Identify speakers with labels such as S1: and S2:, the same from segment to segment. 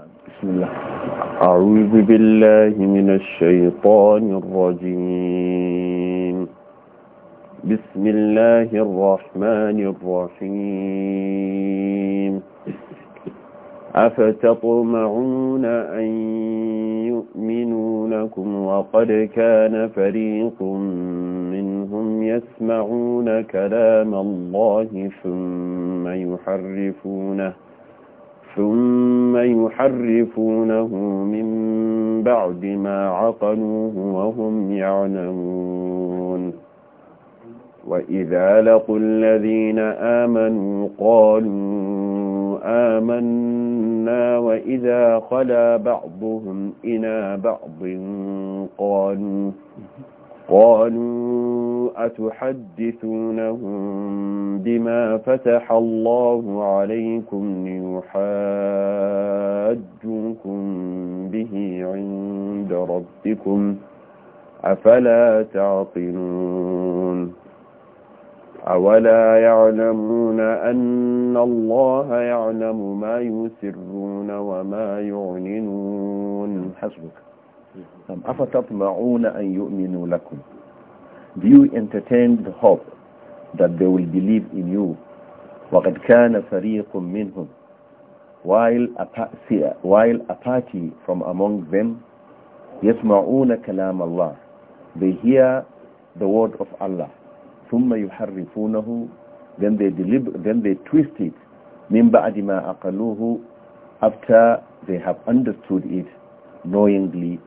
S1: بسم الله أعوذ بالله من الشيطان الرجيم بسم الله الرحمن الرحيم أفتطمعون أن يؤمنوا لكم وقد كان فريق منهم يسمعون كلام الله ثم يحرفونه ثم يحرفونه من بعد ما عقلوه وهم يعلمون وإذا لقوا الذين آمنوا قالوا آمنا وإذا خلا بعضهم إلى بعض قالوا قالوا أتحدثونهم بما فتح الله عليكم ليحاجوكم به عند ربكم أفلا تعقلون أولا يعلمون أن الله يعلم ما يسرون
S2: وما يعلنون حسبك Um, أَفَتَطْمَعُونَ أَنْ يُؤْمِنُوا لَكُمْ Do you entertain the hope that they will believe in you? وَقَدْ كَانَ فَرِيقٌ minhum while a, uh, while a party from among them يَسْمَعُونَ kalam allah They hear the word of Allah ثُمَّ يُحَرِّفُونَهُ Then they, deliver, then they twist it مِنْ بَعْدِ مَا أَقَلُوهُ After they have understood it knowingly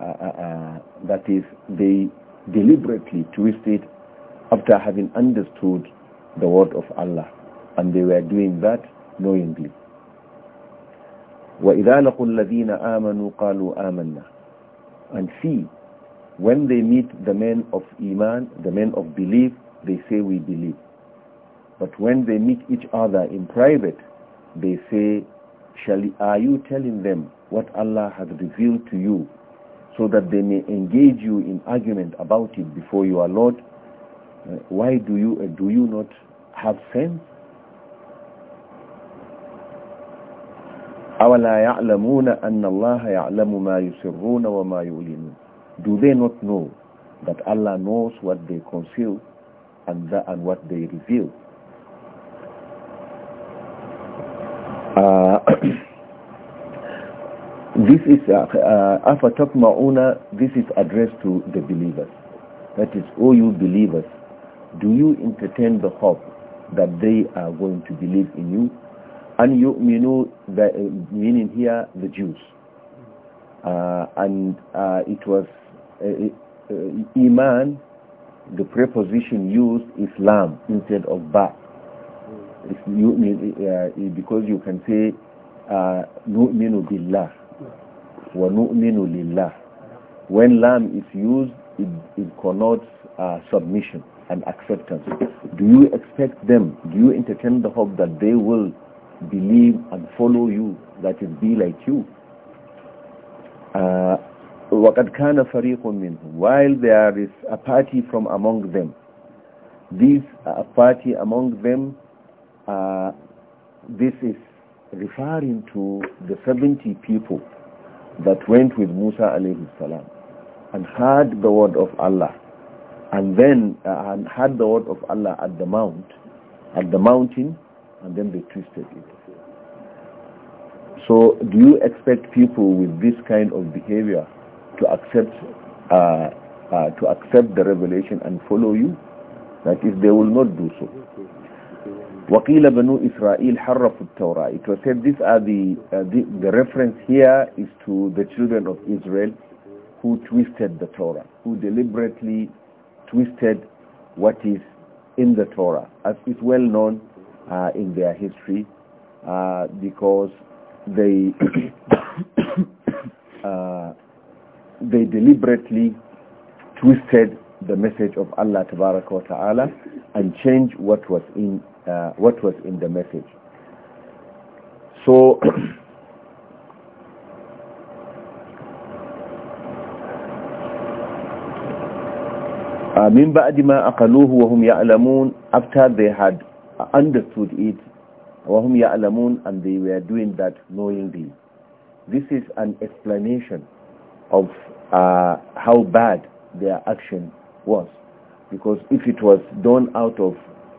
S2: uh, uh, uh, that is, they deliberately twisted after having understood the word of Allah. And they were doing that knowingly. وَإِذَا لَقُوا الَّذِينَ آمَنُوا قَالُوا آمَنَّا And see, when they meet the men of Iman, the men of belief, they say we believe. But when they meet each other in private, they say, Shall, are you telling them what Allah has revealed to you so that they may engage you in argument about it before your Lord. Uh, why do you, uh, do you not have sense? أَوَلَا يَعْلَمُونَ أَنَّ اللَّهَ يَعْلَمُ مَا يُسِرُّونَ وَمَا يُعْلِنُونَ Do they not know that Allah knows what they conceal and, that, and what they reveal? This is uh, uh, after talking ma'una, this is addressed to the believers. That is, O you believers, do you entertain the hope that they are going to believe in you? And you know, the, uh, meaning here, the Jews. Uh, and uh, it was Iman, the preposition used, Islam, instead of Ba. You, because you can say, uh, نؤمن وَنُؤْمِنُ لِلَّهِ When lamb is used, it, it connotes uh, submission and acceptance. Do you expect them, do you entertain the hope that they will believe and follow you, that it be like you? Uh, وَقَدْ كَانَ فَرِيقٌ مِّنْهُمْ While there is a party from among them, this uh, party among them, uh, this is referring to the 70 people that went with Musa alayhi salam and heard the word of Allah and then uh, and heard the word of Allah at the mount at the mountain and then they twisted it so do you expect people with this kind of behavior to accept uh, uh, to accept the revelation and follow you if they will not do so وَقِيلَ بَنُو إِسْرَائِيلِ حَرَّفُ التَّوْرَةِ It was said these are the, uh, the, the, reference here is to the children of Israel who twisted the Torah, who deliberately twisted what is in the Torah, as is well known uh, in their history, uh, because they uh, they deliberately twisted the message of Allah Ta'ala and changed what was in uh, what was in the message. So من بعد ما أقلوه وهم يعلمون after they had understood it وهم يعلمون and they were doing that knowingly this is an explanation of uh, how bad their action was because if it was done out of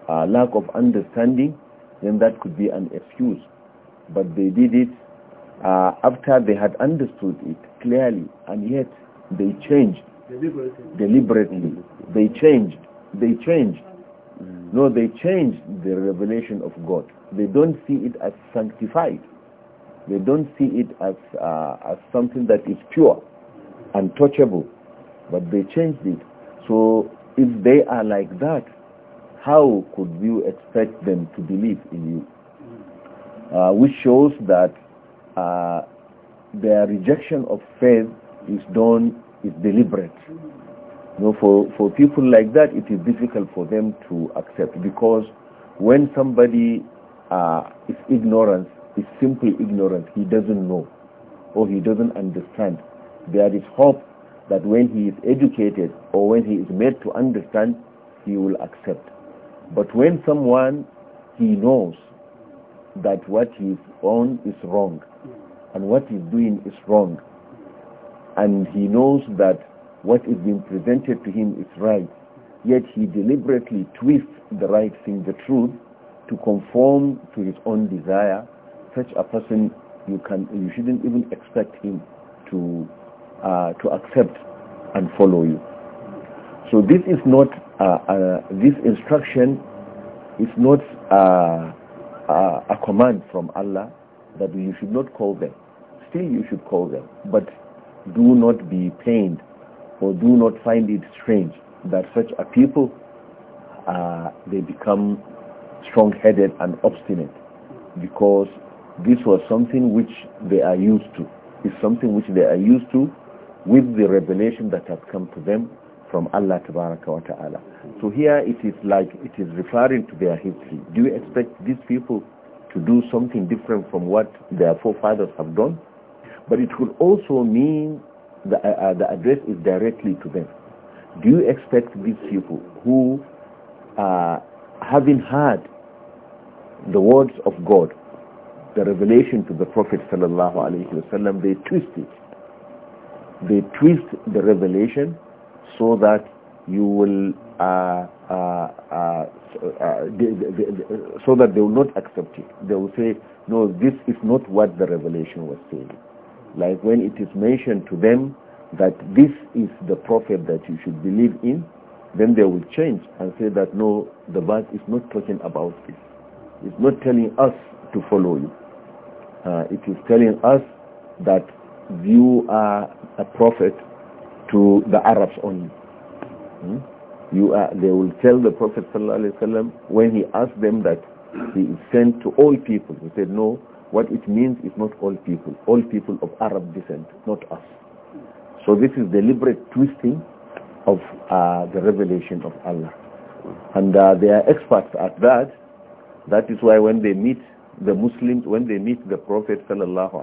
S2: uh, lack of understanding, then that could be an excuse. But they did it uh, after they had understood it clearly, and yet they changed deliberately. deliberately. They changed. They changed. Mm. No, they changed the revelation of God. They don't see it as sanctified. They don't see it as uh, as something that is pure, untouchable, but they changed it. So if they are like that, how could you expect them to believe in you? Uh, which shows that uh, their rejection of faith is done, is deliberate. You know, for, for people like that, it is difficult for them to accept because when somebody uh, is ignorant, is simply ignorant, he doesn't know or he doesn't understand. There is hope that when he is educated or when he is made to understand, he will accept. But when someone, he knows that what he is on is wrong and what he's doing is wrong, and he knows that what is being presented to him is right, yet he deliberately twists the right thing, the truth, to conform to his own desire, such a person you can you shouldn't even expect him to uh, to accept and follow you. So this is not uh, uh, this instruction is not uh, a command from Allah that you should not call them. Still you should call them, but do not be pained or do not find it strange that such a people, uh, they become strong-headed and obstinate because this was something which they are used to. It's something which they are used to with the revelation that has come to them from Allah wa ta'ala. So here it is like it is referring to their history. Do you expect these people to do something different from what their forefathers have done? But it will also mean the, uh, uh, the address is directly to them. Do you expect these people who, uh, having heard the words of God, the revelation to the Prophet sallallahu alaihi wasallam, they twist it. They twist the revelation so that you will uh, uh, uh, uh they, so that they will not accept it. They will say, no, this is not what the revelation was saying. Like when it is mentioned to them that this is the prophet that you should believe in, then they will change and say that no, the verse is not talking about this. It's not telling us to follow you. Uh, it is telling us that you are a prophet to the Arabs only. Hmm? You are, they will tell the Prophet ﷺ when he asked them that he is sent to all people. He said, no, what it means is not all people, all people of Arab descent, not us. So this is deliberate twisting of uh, the revelation of Allah. And uh, they are experts at that. That is why when they meet the Muslims, when they meet the Prophet ﷺ,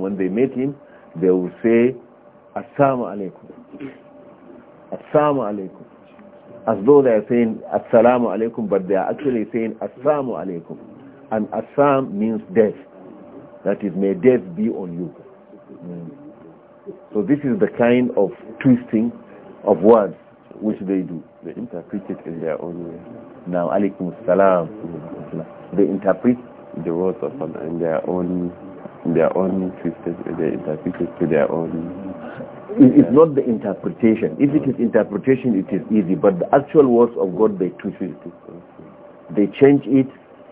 S2: when they meet him, they will say, assalamu alaikum assalamu alaikum as though they are saying assalamu alaikum but they are actually saying assalamu alaikum and assam means death that is may death be on you mm. so this is the kind of twisting of words which they do they interpret it in their own way now alaikum assalam they interpret the words of in their own in their own twisted they interpret it to their own it's not the interpretation. If it is interpretation, it is easy. But the actual words of God, they twist it. They change it.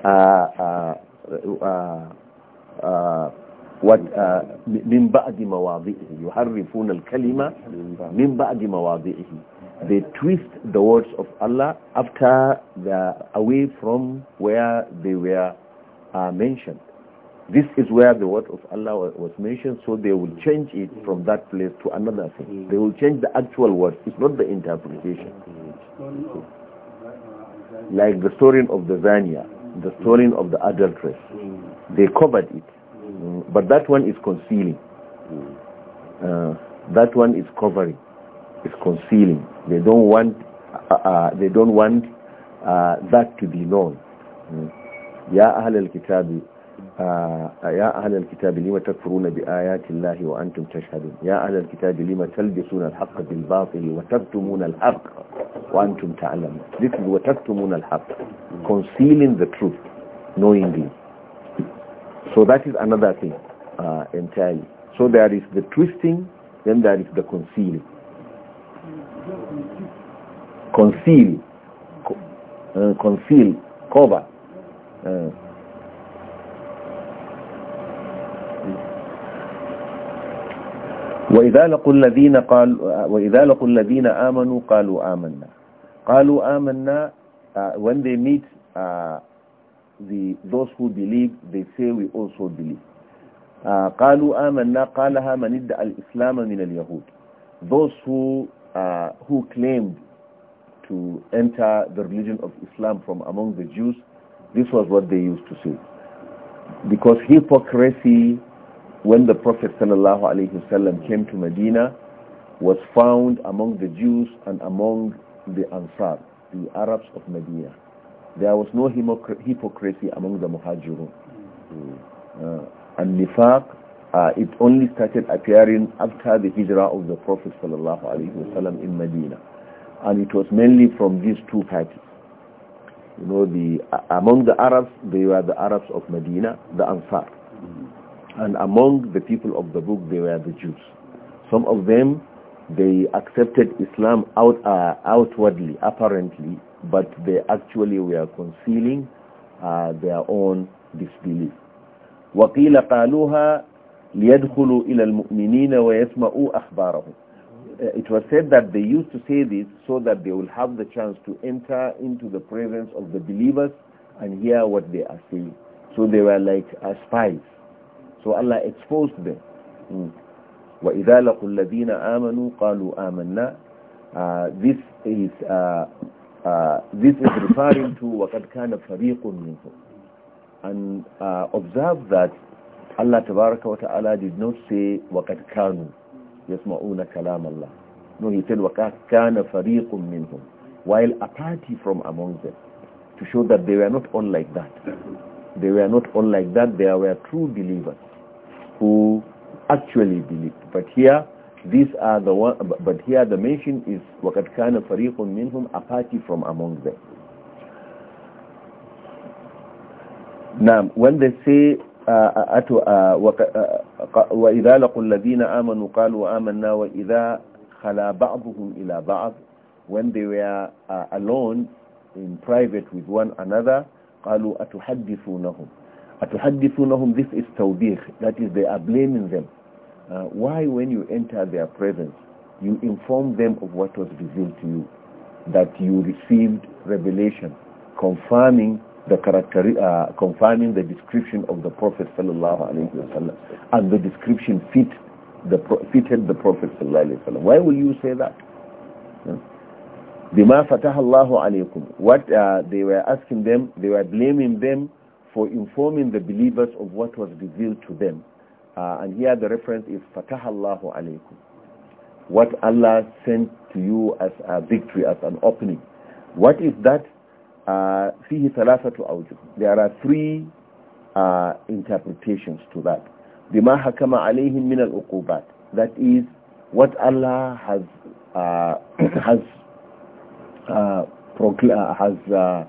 S2: Uh, uh, uh, uh what من uh, they twist the words of Allah after the away from where they were uh, mentioned this is where the word of Allah was mentioned, so they will change it from that place to another thing. They will change the actual word. It's not the interpretation. Like the story of the Zania, the story of the adulteress. They covered it. But that one is concealing. Uh, that one is covering. It's concealing. They don't want, uh, uh, they don't want uh, that to be known. Mm. Ya Ahl al-Kitabi, يا أهل الكتاب لما تكفرون بآيات الله وأنتم تشهدون يا أهل الكتاب لما تلبسون الحق بالباطل وتكتمون الحق وأنتم تعلمون This is وتكتمون الحق concealing the truth knowingly So that is another thing uh, entirely So there is the twisting then there is the concealing Conceal co uh, Conceal Cover uh, وإذا لقوا الذين قال وإذا لقوا الذين آمنوا قالوا آمنا قالوا آمنا uh, when they meet uh, the those who believe they say we also believe uh, قالوا آمنا قالها من ادعى الإسلام من اليهود those who uh, who claimed to enter the religion of Islam from among the Jews this was what they used to say because hypocrisy when the Prophet ﷺ came to Medina, was found among the Jews and among the Ansar, the Arabs of Medina. There was no hypocrisy among the Muhajirun. Hmm. Uh, and Nifaq, uh, it only started appearing after the hijrah of the Prophet ﷺ in Medina. And it was mainly from these two parties. You know, the, uh, among the Arabs, they were the Arabs of Medina, the Ansar. Hmm. And among the people of the book, they were the Jews. Some of them, they accepted Islam out, uh, outwardly, apparently, but they actually were concealing uh, their own disbelief. وقيل قالوها ليدخلوا إلى المؤمنين ويسمعوا أخبارهم uh, it was said that they used to say this so that they will have the chance to enter into the presence of the believers and hear what they are saying. So they were like spies so Allah exposed them. Hmm. وَإِذَا لَقُوا الَّذِينَ آمَنُوا قَالُوا آمَنَّا uh, This is uh, uh, this is referring to وَقَدْ كَانَ فَرِيقٌ مِنْهُمْ And uh, observe that Allah Tabaraka wa Ta'ala did not say وَقَدْ كَانُوا يَسْمَعُونَ كَلَامَ اللَّهِ No, he said وَقَدْ كَانَ فَرِيقٌ مِنْهُمْ While a party from among them to show that they were not all like that. They were not all like that. They were true believers who actually believed. But here, these are the one, but here the mention is وَقَدْ كَانَ فَرِيقٌ مِّنْهُمْ A party from among them. Now, when they say وإذا لقوا الذين آمنوا قالوا آمنا وإذا خلا بعضهم إلى بعض when they were uh, alone in private with one another قالوا أتحدثونهم أتحدثونهم this is توبيخ that is they are blaming them uh, why when you enter their presence you inform them of what was revealed to you that you received revelation confirming the character uh, confirming the description of the prophet sallallahu alaihi wasallam and the description fit the fitted the prophet sallallahu alaihi wasallam why will you say that bima fataha alaykum what uh, they were asking them they were blaming them for informing the believers of what was revealed to them. Uh, and here the reference is Fatahallahu alaykum. What Allah sent to you as a victory, as an opening. What is that? فيه ثلاثة أوجه. There are three uh, interpretations to that. بما حكم عليهم من العقوبات. That is what Allah has uh, uh has uh,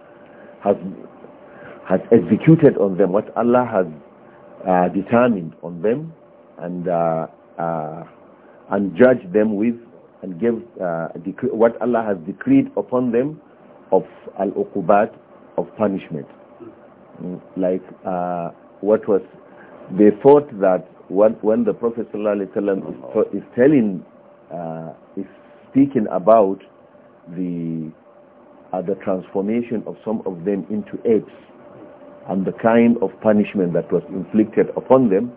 S2: has has has executed on them what Allah has uh, determined on them and uh, uh, and judged them with and gave uh, what Allah has decreed upon them of al-uqubat of punishment mm, like uh, what was they thought that when, when the Prophet ﷺ is, is telling uh, is speaking about the the transformation of some of them into apes and the kind of punishment that was inflicted upon them,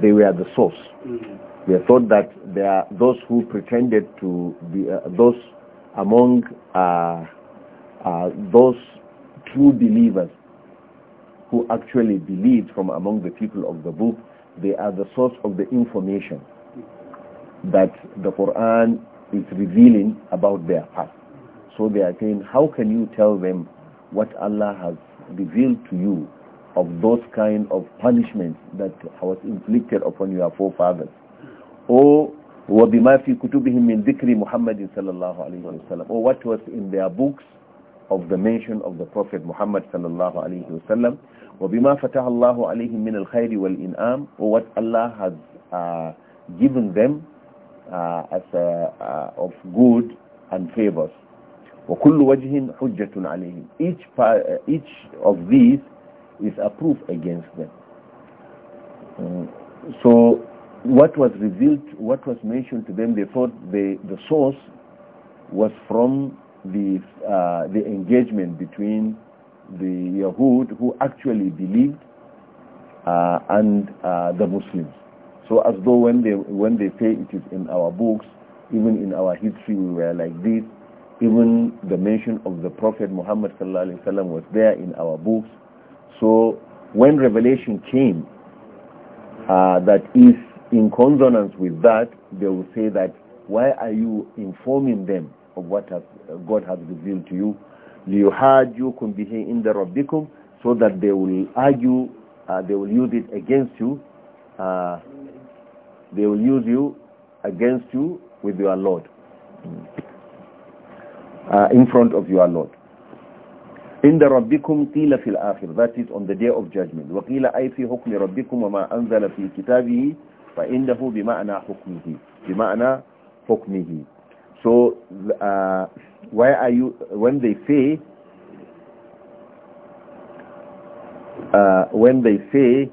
S2: they were the source. Mm -hmm. They thought that there are those who pretended to be uh, those among uh, uh, those true believers who actually believed from among the people of the book, they are the source of the information that the Quran is revealing about their past. So they are saying, how can you tell them what Allah has revealed to you of those kind of punishments that was inflicted upon your forefathers. Or وَبِمَا فِي كُتُبِهِمْ مِنْ ذِكْرِ مُحَمَّدٍ صَلَى اللَّهُ عَلَيْهِ hmm. وَسَلَّمَ Or what was in their books of the mention of the Prophet Muhammad صلى الله عليه وسلم وَبِمَا فَتَحَ اللَّهُ عَلَيْهِمْ مِنَ الْخَيْرِ Or what Allah has uh, given them uh, as a, uh, uh, of good and favors. وَكُلُّ وَجْهٍ حُجَّةٌ عَلَيْهِمْ each, uh, each of these is a proof against them. Mm. so what was revealed, what was mentioned to them, they thought the source was from the, uh, the engagement between the Yahud who actually believed uh, and uh, the Muslims. So as though when they, when they say it is in our books, even in our history we were like this, even the mention of the Prophet Muhammad was there in our books. So when revelation came uh, that is in consonance with that, they will say that why are you informing them of what has, uh, God has revealed to you? لِيُحَاجُّكُمْ بِهِ إِنْدَ رَبِّكُمْ So that they will argue, uh, they will use it against you, uh, they will use you against you with your Lord. Mm uh, in front of your Lord. عند ربكم قيل في Akhir. that is on the day of judgment وقيل Hukmi Rabbikum حكم ربكم وما أنزل في كتابه فإنه بمعنى حكمه بمعنى Hukmihi. so uh, why are you when they say uh, when they say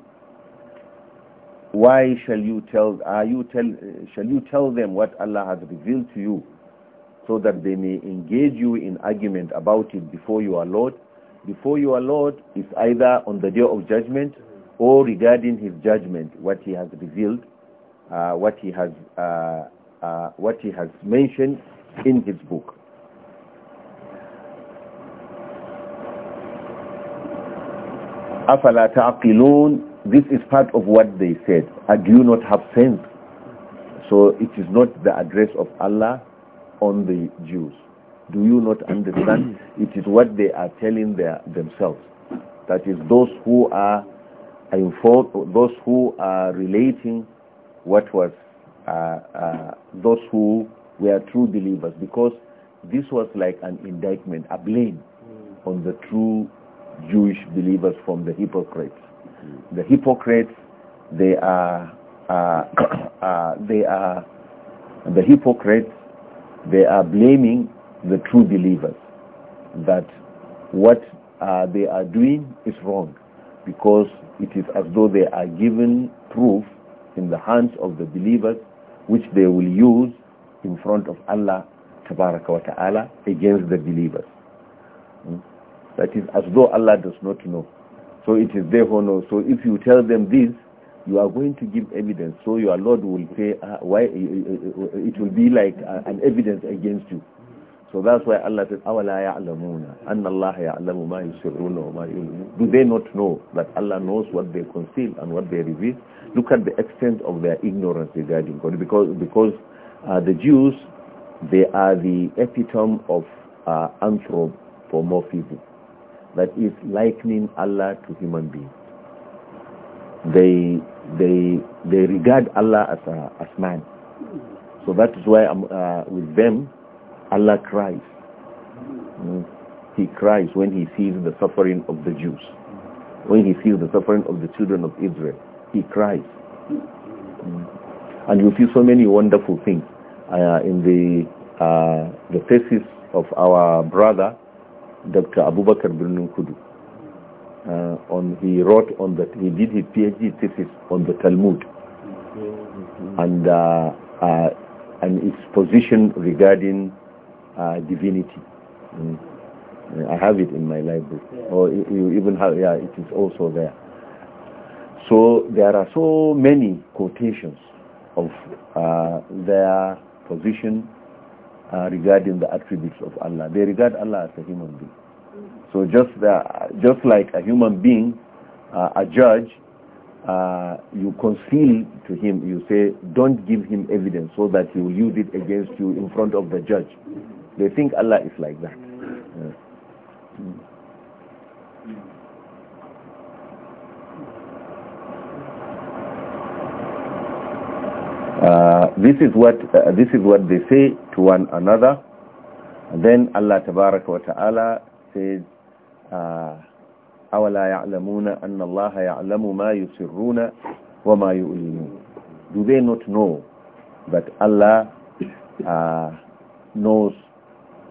S2: why shall you tell are you tell shall you tell them what Allah has revealed to you so that they may engage you in argument about it before your Lord. Before your Lord is either on the day of judgment or regarding his judgment, what he has revealed, uh, what, he has, uh, uh, what he has mentioned in his book. أَفَلَا تَعْقِلُونَ This is part of what they said. do you not have sense? So it is not the address of Allah on the Jews. Do you not understand? it is what they are telling their, themselves. That is those who are informed, those who are relating what was uh, uh, those who were true believers, because this was like an indictment, a blame mm. on the true Jewish believers from the hypocrites. Mm. The hypocrites, they are, uh, uh they are, the hypocrites they are blaming the true believers that what uh, they are doing is wrong because it is as though they are given proof in the hands of the believers which they will use in front of Allah tabaraka wa ta'ala against the believers. Hmm? That is as though Allah does not know. So it is therefore no. So if you tell them this, you are going to give evidence so your lord will say uh, why uh, it will be like uh, an evidence against you so that's why allah says awala ya'lamuna anna allah ya'lamu ma yusirruna wa ma yulun do they not know that allah knows what they conceal and what they reveal look at the extent of their ignorance regarding god because because uh, the jews they are the epitome of uh, anthropomorphism that is likening allah to human beings they they they regard Allah as a, as man. So that is why um, uh, with them, Allah cries. Mm. He cries when he sees the suffering of the Jews, when he sees the suffering of the children of Israel. He cries, mm. and you see so many wonderful things uh, in the uh, the thesis of our brother, Dr. Abubakar Al Kudu uh, on he wrote on the he did his PhD thesis on the Talmud and uh, uh, and its position regarding uh, divinity. Mm. I have it in my library, yeah. or you even have yeah, it is also there. So there are so many quotations of uh, their position uh, regarding the attributes of Allah. They regard Allah as a human being. So just, just like a human being, uh, a judge, uh, you conceal to him, you say, don't give him evidence so that he will use it against you in front of the judge. They think Allah is like that. Uh, this is what uh, this is what they say to one another. And then Allah Tabaraka wa Taala says awala ya'lamuna anna Allah ya'lamu ma yusirruna wa ma do they not know that Allah uh, knows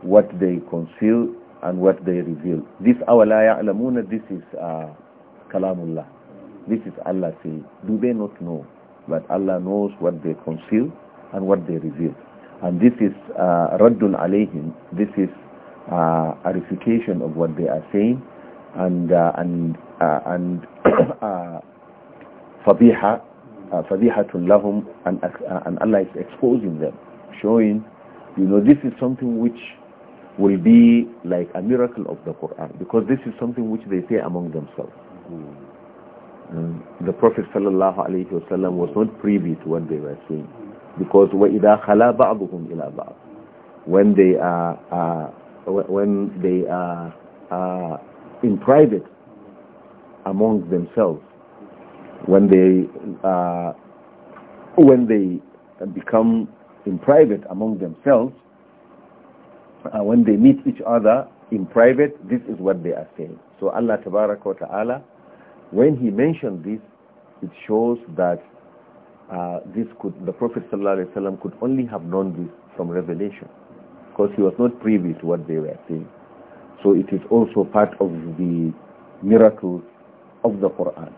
S2: what they conceal and what they reveal this awala يعلمون. this is uh, الله. this is Allah saying do they not know that Allah knows what they conceal and what they reveal and this is uh, raddun this is uh, refutation of what they are saying and uh, and uh, and uh, uh, to love lahum and uh, and Allah is exposing them showing you know this is something which will be like a miracle of the Quran because this is something which they say among themselves mm. the Prophet sallallahu alaihi wasallam was not privy to what they were saying because وَإِذَا خَلَى بَعْضُهُمْ إِلَى بَعْضٍ when they are when they are uh, in private among themselves, when they uh, when they become in private among themselves, uh, when they meet each other in private, this is what they are saying. So Allah Tabaraka wa Ta'ala, when he mentioned this, it shows that uh, this could the Prophet Sallallahu Alaihi Wasallam could only have known this from revelation because he was not privy to what they were saying. So it is also part of the miracles of the Quran.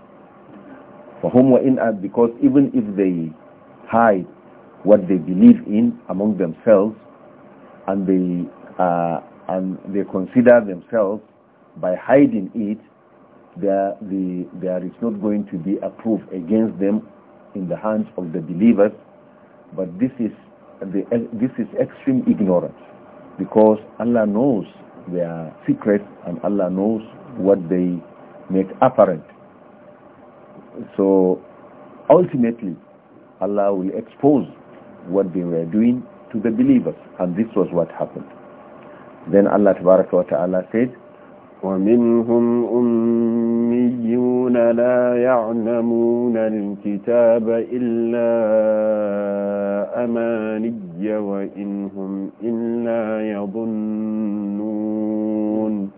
S2: For whom were in because even if they hide what they believe in among themselves and they uh, and they consider themselves by hiding it there the there is not going to be a proof against them in the hands of the believers but this is the, this is extreme ignorance because Allah knows their secrets and Allah knows what they make apparent. So ultimately, Allah will expose what they were doing to the believers and this was what happened. Then Allah Ta'ala said, ومنهم
S1: أميون لا يعلمون الكتاب إلا أماني وإن هم إلا يظنون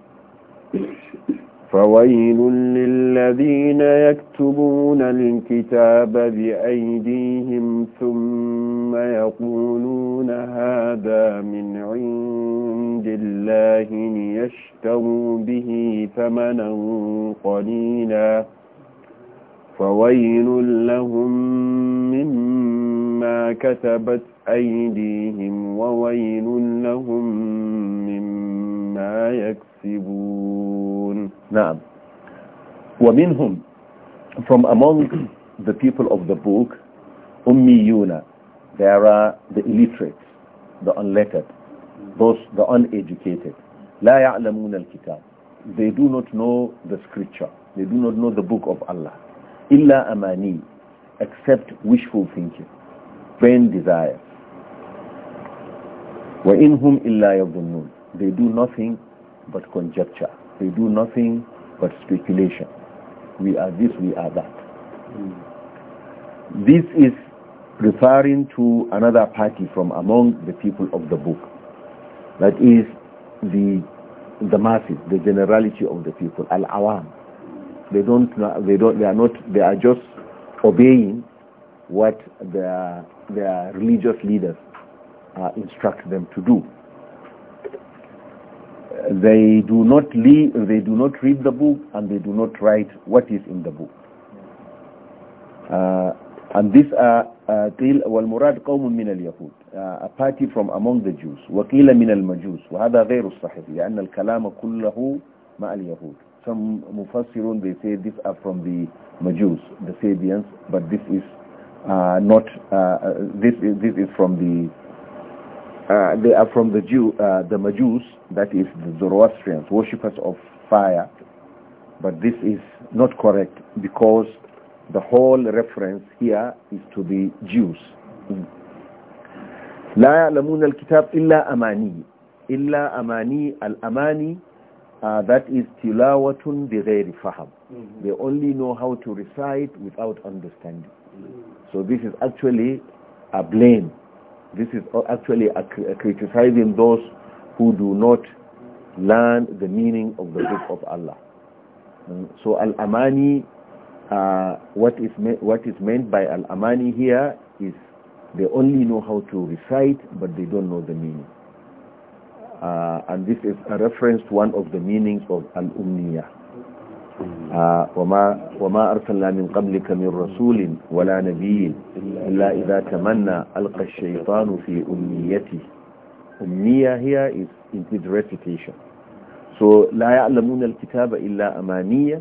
S1: فويل للذين يكتبون الكتاب بأيديهم ثم يقولون هذا من عند الله ليشتروا به ثمنا قليلا فويل لهم مما كتبت أيديهم وويل لهم مما يكسبون نعم
S2: ومنهم from among the people of the book أميون there are the illiterate the unlettered those the uneducated لا يعلمون الكتاب they do not know the scripture they do not know the book of Allah إلا أماني except wishful thinking vain desires وإنهم إلا يظنون they do nothing but conjecture they do nothing but speculation. We are this, we are that. Mm. This is referring to another party from among the people of the book. That is the, the masses, the generality of the people, al-awam. They don't, they don't, they are not, they are just obeying what their, their religious leaders uh, instruct them to do they do not leave, they do not read the book and they do not write what is in the book uh, and these are قيل والمراد قوم من اليهود a party from among the Jews وقيل من المجوس وهذا غير الصحيح لأن الكلام كله مع اليهود some mufassirun they say this are from the Majus the Sabians but this is uh, not uh, uh this this is from the uh, they are from the Jew, uh, the Majus, that is the Zoroastrians, worshippers of fire. But this is not correct because the whole reference here is to the Jews. لا يعلمون الكتاب إلا أماني إلا أماني الأماني uh, that is tilawatun بغير فهم mm-hmm. they only know how to recite without understanding so this is actually a blame this is actually criticizing those who do not learn the meaning of the book of Allah. Mm, so Al-Amani, uh, what, is what is meant by Al-Amani here is they only know how to recite, but they don't know the meaning. Uh, and this is a reference to one of the meanings of Al-Umniyah. وما أرسلنا من قبلك من رسول ولا نبي إلا إذا تمنى ألقى الشيطان في أمنيته أمنية هي is include recitation so لا يعلمون الكتاب إلا أمانية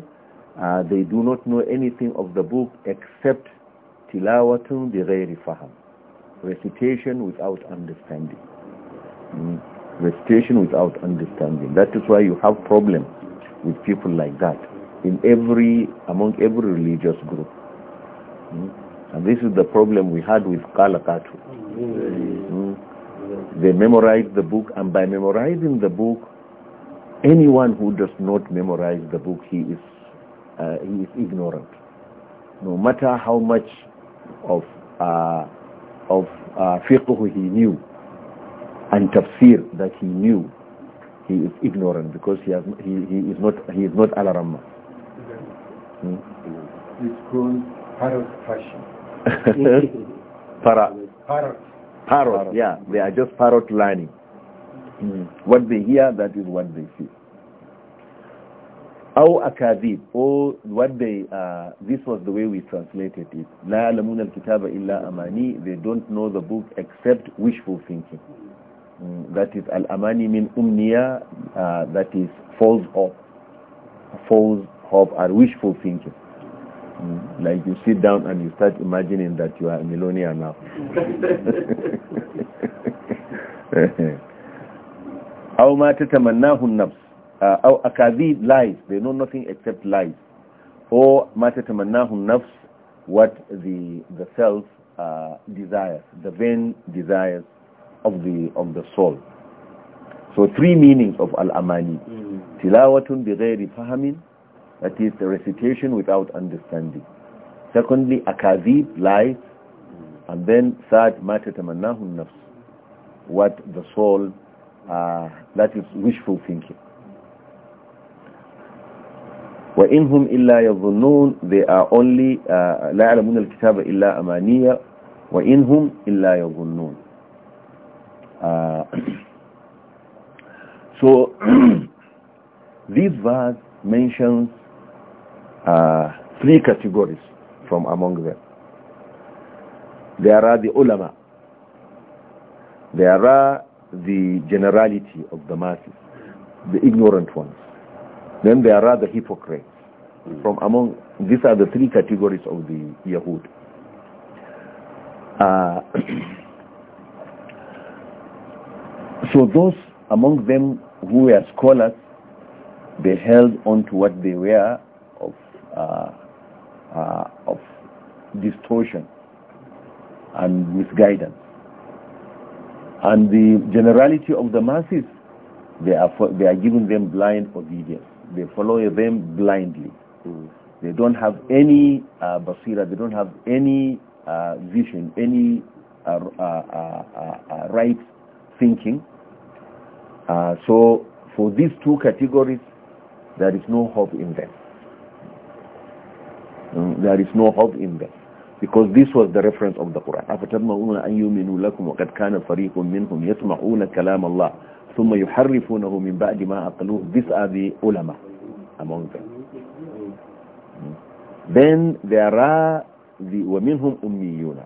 S2: uh, they do not know anything of the book except تلاوة بغير فهم recitation without understanding mm. recitation without understanding that is why you have problem with people like that in every among every religious group mm? and this is the problem we had with Kalakatu mm? they memorized the book and by memorizing the book anyone who does not memorize the book he is uh, he is ignorant no matter how much of uh, of uh, fiqh he knew and tafsir that he knew he is ignorant because he, has, he, he is not he is not al-ramah it's called parrot
S3: fashion.
S2: parrot. Parrot. Parrot, yeah. They are just parrot learning. Mm. What they hear, that is what they see. أو أكاذيب or what they uh, this was the way we translated it لا يعلمون الكتاب إلا أماني they don't know the book except wishful thinking mm, that is al-amani min uh, that is false hope false hope and wishful thinking. Mm. Like you sit down and you start imagining that you are a millionaire now. How ma tatamannahu nafs. Uh, how akadib lies. They know nothing except lies. Or ma tatamannahu nafs. What the the self uh, desires, the vain desires of the of the soul. So three meanings of al-amani. Hmm. Tilawatun bi ghairi fahamin that is the recitation without understanding. Secondly, akazib, lies. And then third, matatamannahu nafs. What the soul, uh, that is wishful thinking. وإنهم إلا يظنون they are only لا علمون الكتاب إلا أمانية وإنهم إلا يظنون so this verse mentions uh, three categories from among them. There are the ulama. There are the generality of the masses, the ignorant ones. Then there are the hypocrites. From among these are the three categories of the Yahud. Uh, so those among them who were scholars, they held on to what they were uh, uh, of distortion and misguidance. And the generality of the masses, they are, they are giving them blind obedience. They follow them blindly. Mm. They don't have any uh, basira, they don't have any uh, vision, any uh, uh right thinking. so for these two categories, there is no hope in them there is no hope in them because this was the reference of the Quran أفتطمعون أن يؤمنوا لكم وقد كان فريق منهم يسمعون كلام الله ثم يحرفونه من بعد ما أقلوه these are the ulama among them hmm. then there are the ومنهم ummiyuna.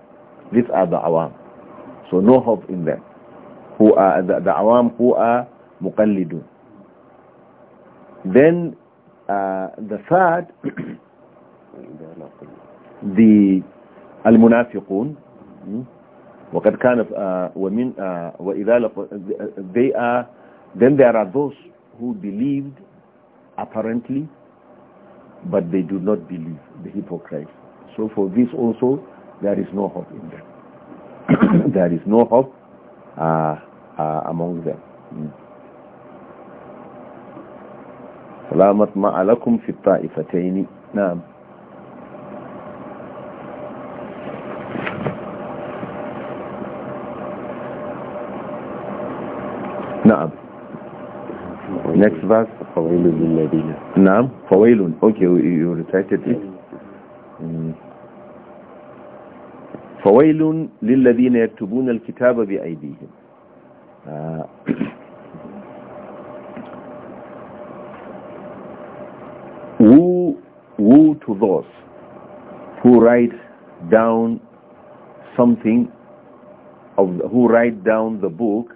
S2: these are the awam so no hope in them who are the, the awam who are مقلدون then uh, the third The al-munafiqun, hmm, وَقَدْ كَانَ وَمِنْ وَإِذَا They are, then there are those who believed apparently, but they do not believe the hypocrites. So for this also, there is no hope in them. there is no hope uh, uh, among them. سلامت ما عليكم في الطائفتين نعم na'am next verse fawailun lil ladina na'am okay you recited it mm. للذين يكتبون الكتاب بأيديهم. Uh, who, who to those who write down something of the, who write down the book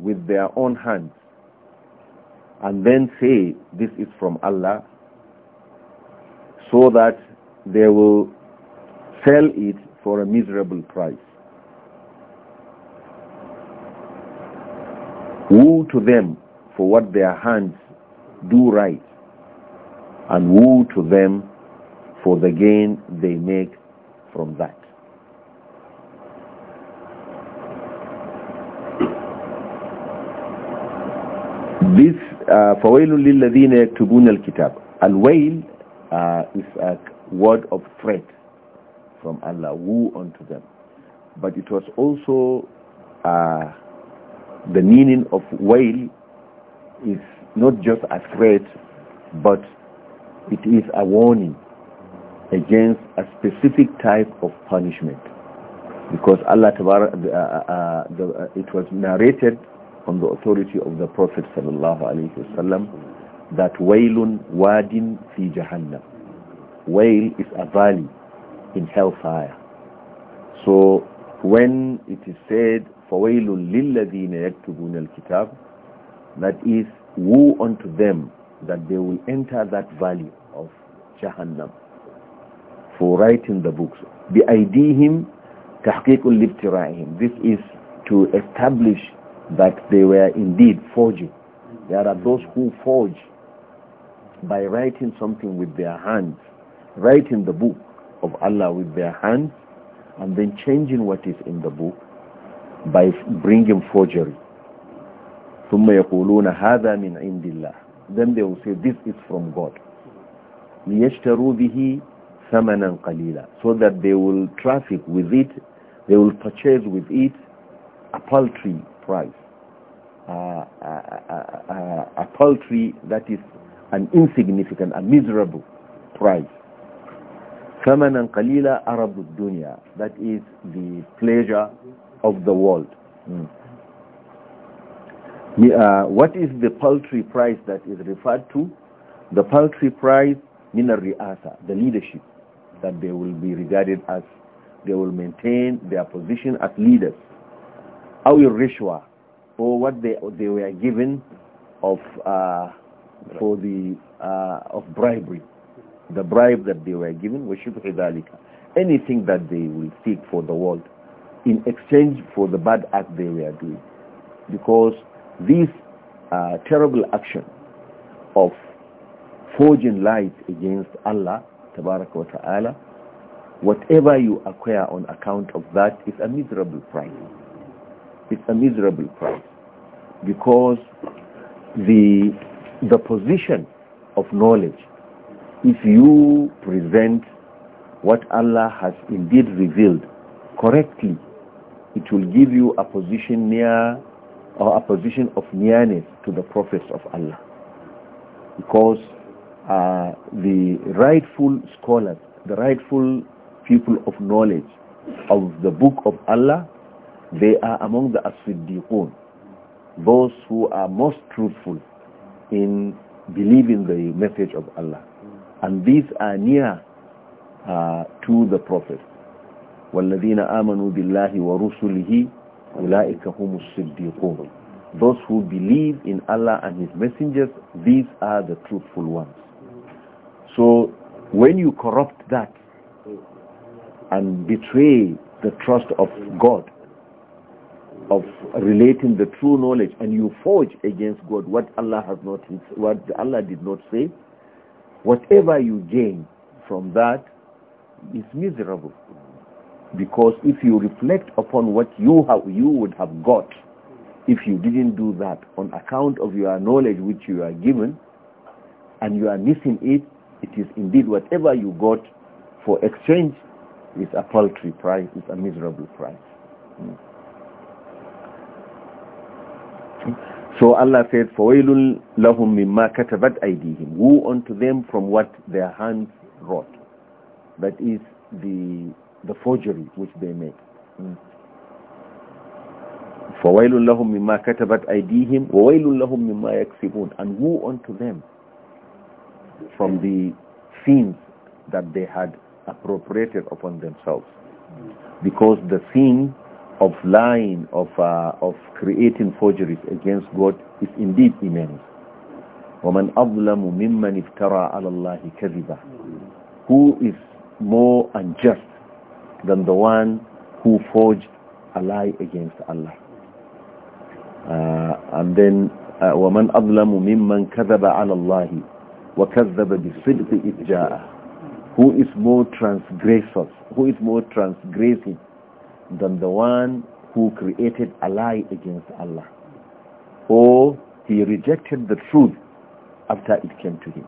S2: with their own hands and then say this is from Allah so that they will sell it for a miserable price. Woe to them for what their hands do right and woe to them for the gain they make from that. fawailun lilladhina yaktubuna alkitab alwail uh, is a word of threat from Allah woe unto them but it was also uh, the meaning of wail is not just a threat but it is a warning against a specific type of punishment because Allah uh, uh, uh, the, uh, it was narrated on the authority of the Prophet sallallahu alaihi wasallam that wa'ilun wadin fi jahannam. Wail is a valley in hellfire. So when it is said "Fawailun لِلَّذِينَ يَكْتُبُونَ alkitab," That is, woe unto them that they will enter that valley of Jahannam for writing the books. بِأَيْدِيهِمْ تَحْقِيقٌ لِابْتِرَائِهِمْ This is to establish that they were indeed forging. There are those who forge by writing something with their hands, writing the book of Allah with their hands, and then changing what is in the book by bringing forgery. ثم يقولون هذا من عند الله then they will say this is from God ليشتروا به ثمنا قليلا so that they will traffic with it they will purchase with it a paltry price, uh, a, a, a, a paltry that is an insignificant, a miserable price. ثمنا قليلا أرب الدنيا that is the pleasure of the world mm. uh, what is the paltry price that is referred to the paltry price min the leadership that they will be regarded as they will maintain their position as leaders awil rishwa or what they they were given of uh, for the uh, of bribery the bribe that they were given was ذلك anything that they will seek for the world in exchange for the bad act they were doing because this uh, terrible action of forging lies against Allah tabarak wa ta'ala whatever you acquire on account of that is a miserable price it's a miserable price because the, the position of knowledge, if you present what Allah has indeed revealed correctly, it will give you a position near or a position of nearness to the prophets of Allah. Because uh, the rightful scholars, the rightful people of knowledge of the book of Allah they are among the as-siddiqun, those who are most truthful in believing the message of Allah. And these are near uh, to the Prophet. وَالَّذِينَ آمَنُوا بِاللَّهِ وَرُسُلِهِ أُولَٰئِكَ هُمُ الصِّدِّيقُونَ Those who believe in Allah and His messengers, these are the truthful ones. So when you corrupt that and betray the trust of God, of relating the true knowledge and you forge against God what Allah has not what Allah did not say whatever you gain from that is miserable because if you reflect upon what you have you would have got if you didn't do that on account of your knowledge which you are given and you are missing it it is indeed whatever you got for exchange is a paltry price is a miserable price mm. So Allah said, فَوَيْلٌ لَهُمْ مِمَّا كَتَبَتْ أَيْدِيهِمْ Woe unto them from what their hands wrought. That is the, the forgery which they make. فَوَيْلٌ لَهُمْ مِمَّا كَتَبَتْ أَيْدِيهِمْ وَوَيْلٌ لَهُمْ مِمَّا يَكْسِبُونَ And woe unto them from the sins that they had appropriated upon themselves. Because the sin of lying, of, uh, of creating forgeries against God is indeed immense. وَمَنْ أَظْلَمُ مِمَّنْ افْتَرَى عَلَى اللَّهِ كَذِبًا Who is more unjust than the one who forged a lie against Allah? Uh, and then, uh, وَمَنْ أَظْلَمُ مِمَّنْ كَذَبَ عَلَى اللَّهِ وَكَذَّبَ بِالصِّدْقِ إِذْ جَاءَهُ Who is more transgressors? Who is more transgressive than the one who created a lie against Allah. Or he rejected the truth after it came to him.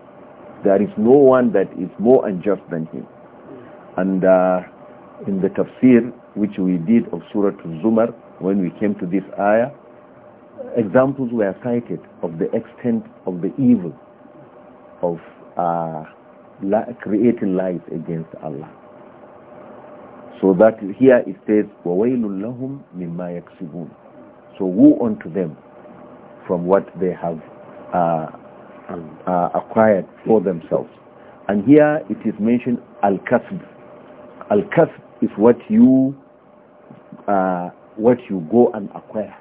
S2: There is no one that is more unjust than him. And uh, in the tafsir which we did of Surah Zumar, when we came to this ayah, examples were cited of the extent of the evil of uh, creating lies against Allah. So that here it says, وَوَيْلٌ لَهُمْ مِمَّا يَكْسِبُونَ So woe unto them from what they have uh, um, uh, acquired for themselves. And here it is mentioned al-kasb. Al-kasb is what you uh, what you go and acquire,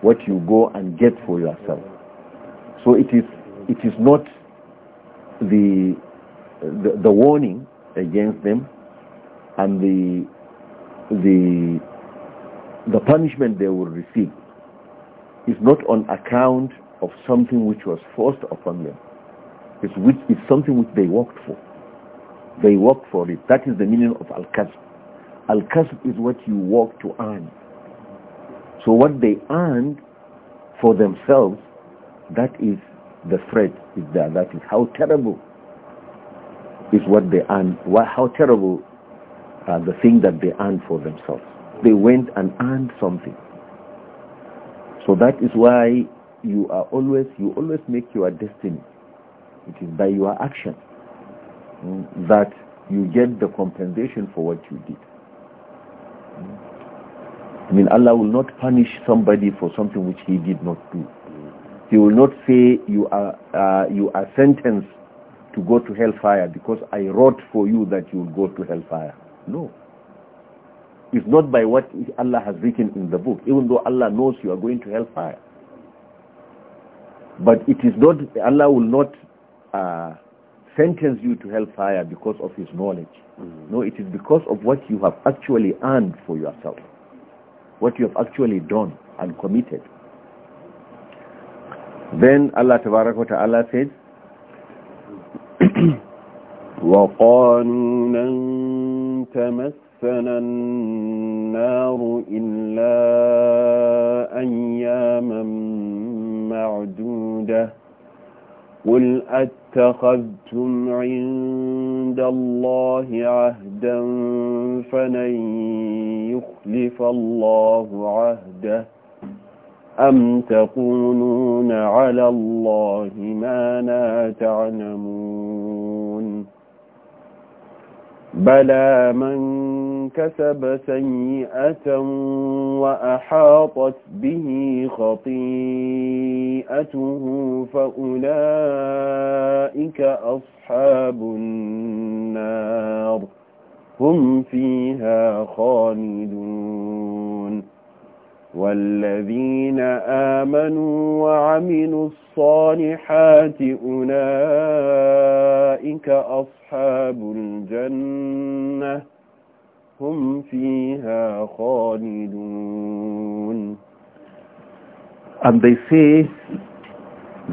S2: what you go and get for yourself. So it is it is not the the, the warning against them and the the the punishment they will receive is not on account of something which was forced upon them. It's, which, it's something which they worked for. They worked for it. That is the meaning of al-kasb. Al-kasb is what you work to earn. So what they earned for themselves, that is the threat is there. That is how terrible is what they earned. How terrible the thing that they earned for themselves. They went and earned something. So that is why you are always, you always make your destiny. It is by your action mm, that you get the compensation for what you did. I mean, Allah will not punish somebody for something which he did not do. He will not say you are, uh, you are sentenced to go to hellfire because I wrote for you that you will go to hellfire. No. It's not by what Allah has written in the book, even though Allah knows you are going to hellfire. But it is not, Allah will not uh, sentence you to hellfire because of his knowledge. Mm -hmm. No, it is because of what you have actually earned for yourself, what you have actually done and committed. Then Allah Ta'ala says,
S1: وَقَانُونًا تمسنا النار إلا أياما معدودة قل أتخذتم عند الله عهدا فلن يخلف الله عهده أم تقولون على الله ما لا تعلمون بلى من كسب سيئة وأحاطت به خطيئته فأولئك أصحاب النار هم فيها خالدون والذين آمنوا وعملوا الصالحات أولئك أصحاب الجنة هم فيها خالدون
S2: And they say,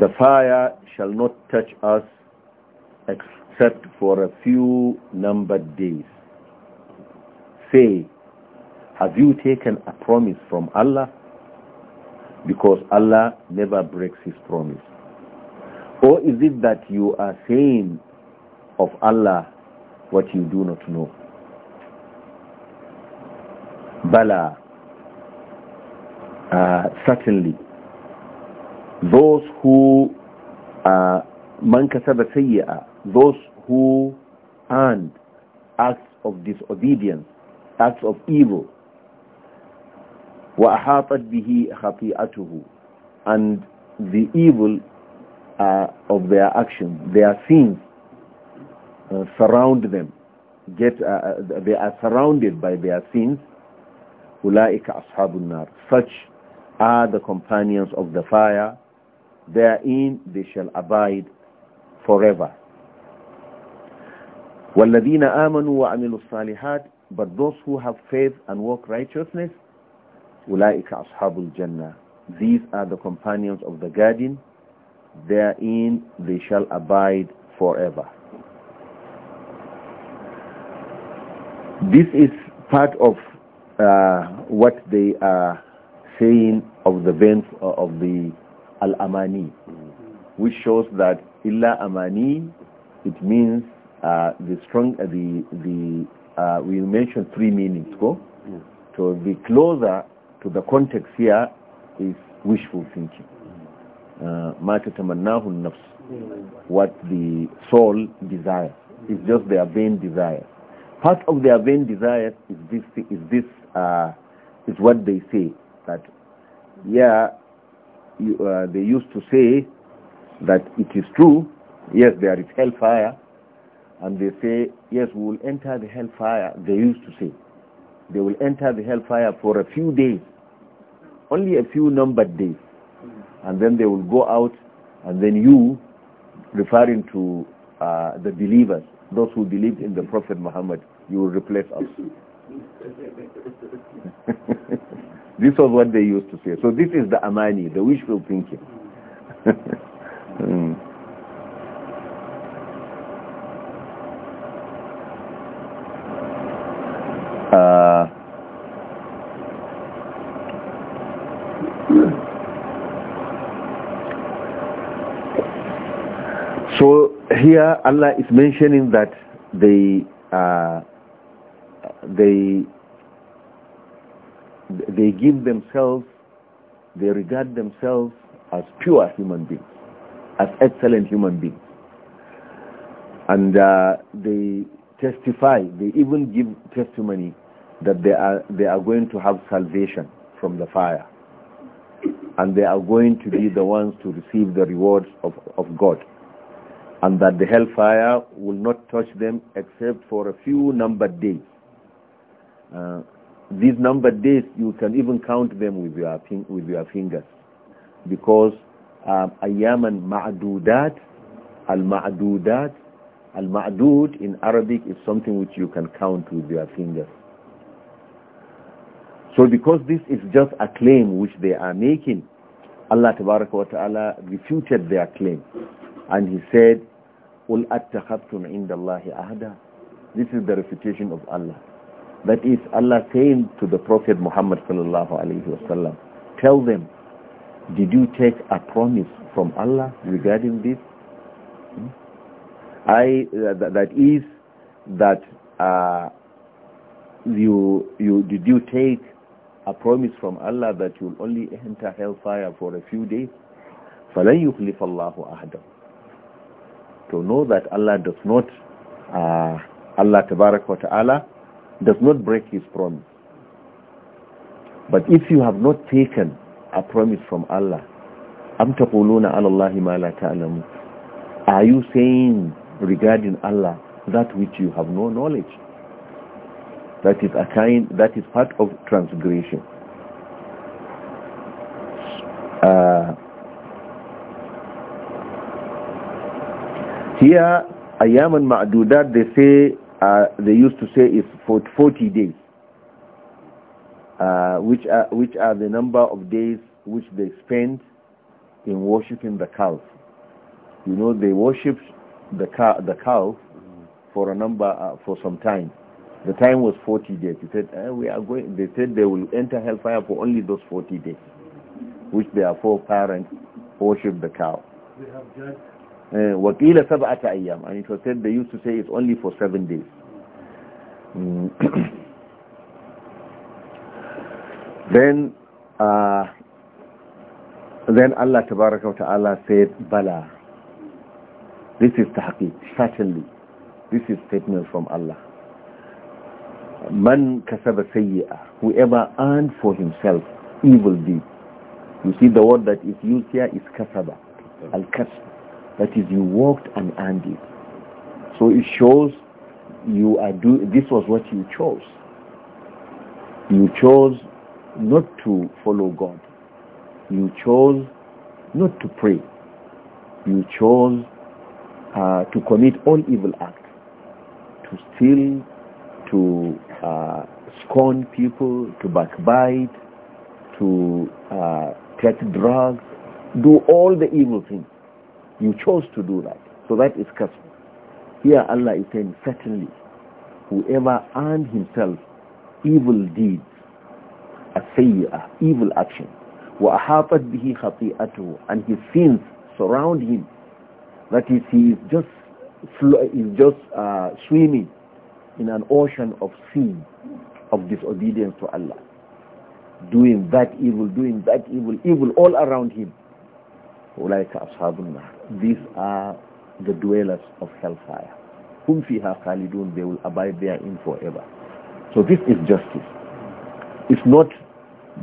S2: the fire shall not touch us except for a few numbered days. Say, Have you taken a promise from Allah? Because Allah never breaks his promise. Or is it that you are saying of Allah what you do not know? Bala, uh, certainly, those who uh, man kasaba those who earned acts of disobedience, acts of evil, وَأَحَاطَتْ بِهِ خَطِيئَتُهُ And the evil uh, of their action, their sins, uh, surround them. Get, uh, uh, they are surrounded by their sins. أُولَٰئِكَ أَصْحَابُ النَّارِ Such are the companions of the fire. Therein they shall abide forever. وَالَّذِينَ آمَنُوا وَعَمِلُوا الصَّالِحَاتِ But those who have faith and work righteousness, Ulaika ashabul jannah. These are the companions of the garden. Therein they shall abide forever. This is part of uh, what they are saying of the veins uh, of the al-amani, which shows that illa amani, it means uh, the strong, uh, the the uh, we mentioned three meanings. Go, so the closer to the context here is wishful thinking ما uh, what the soul desires is just their vain desire part of their vain desire is this is this uh, is what they say that yeah you, uh, they used to say that it is true yes there is hellfire and they say yes we will enter the hellfire they used to say they will enter the hellfire for a few days, only a few numbered days. And then they will go out, and then you, referring to uh, the believers, those who believed in the Prophet Muhammad, you will replace us. this was what they used to say. So this is the amani, the wishful thinking. mm. So here Allah is mentioning that the uh, they they give themselves, they regard themselves as pure human beings, as excellent human beings, and uh, they testify. They even give testimony that they are they are going to have salvation from the fire, and they are going to be the ones to receive the rewards of of God and that the hellfire will not touch them except for a few numbered days. Uh, these numbered days, you can even count them with your, with your fingers because um, ayyaman ma'dudat, al-ma'dudat, al-ma'dud in Arabic is something which you can count with your fingers. So because this is just a claim which they are making, Allah Ta'ala refuted their claim. And he said, قُلْ عِنْدَ اللَّهِ أَهْدًا This is the refutation of Allah. That is, Allah saying to the Prophet Muhammad sallallahu alayhi wasallam, tell them, did you take a promise from Allah regarding this? Hmm? I, uh, that is, that uh, you, you, did you take a promise from Allah that you'll only enter hellfire for a few days? فَلَنْ يُخْلِفَ اللَّهُ أَحْدًا to know that Allah does not uh, Allah tabarak wa ta'ala does not break his promise but if you have not taken a promise from Allah am taquluna ala Allahi are you saying regarding Allah that which you have no knowledge that is a kind that is part of transgression uh, Here, Ayam and Ma'dudat, they say, uh, they used to say it's for 40 days, uh, which, are, which are the number of days which they spend in worshipping the calf. You know, they worshipped the, cow, the calf for a number, uh, for some time. The time was 40 days. They said, eh, we are going, they said they will enter hellfire for only those 40 days, which their parents worshipped the cow.
S3: They have judged
S2: Eh, wakila sab'ata ayyam and it was said they used to say it's only for seven days mm. then uh, then Allah tabaraka wa ta'ala said bala this is tahqiq certainly this is statement from Allah man kasaba sayyi'ah whoever earned for himself evil deed you see the word that is used here is kasaba al-kasb that is, you worked and earned it. So it shows you are do. This was what you chose. You chose not to follow God. You chose not to pray. You chose uh, to commit all evil acts, to steal, to uh, scorn people, to backbite, to uh, take drugs, do all the evil things. You chose to do that. So that is custom. Here Allah is saying, certainly, whoever earned himself evil deeds, a sayyah, evil action, وَأَحَاطَتْ بِهِ خَطِيئَتُهُ And his sins surround him. That is, he is just, is just uh, swimming in an ocean of sin, of disobedience to Allah. Doing that evil, doing that evil, evil all around him. أُولَٰئِكَ أَصْحَابُ النَّارِ these are the dwellers of hellfire. Whom fiha khalidun, they will abide therein forever. So this is justice. It's not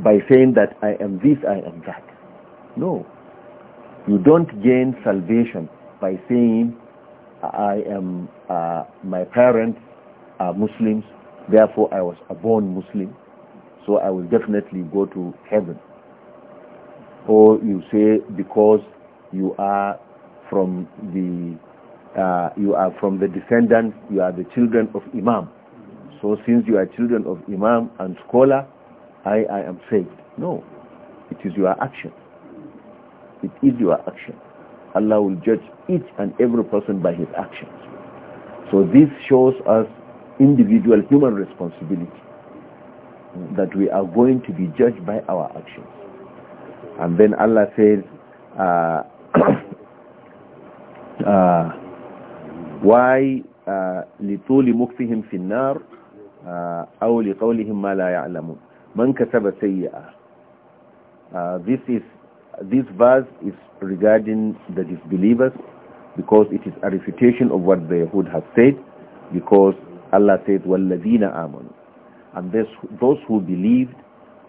S2: by saying that I am this, I am that. No. You don't gain salvation by saying I am, uh, my parents are Muslims, therefore I was a born Muslim, so I will definitely go to heaven. Or you say because you are from the uh, you are from the descendants, you are the children of Imam. So since you are children of Imam and scholar, I, I am saved. No, it is your action. It is your action. Allah will judge each and every person by his actions. So this shows us individual human responsibility that we are going to be judged by our actions. And then Allah says, uh, uh, why لطول مكثهم في النار أو لقولهم ما لا يعلمون من كتب سيئة this is this verse is regarding the disbelievers because it is a refutation of what the Yahud have said because Allah said وَالَّذِينَ آمَنُوا and this, those who believed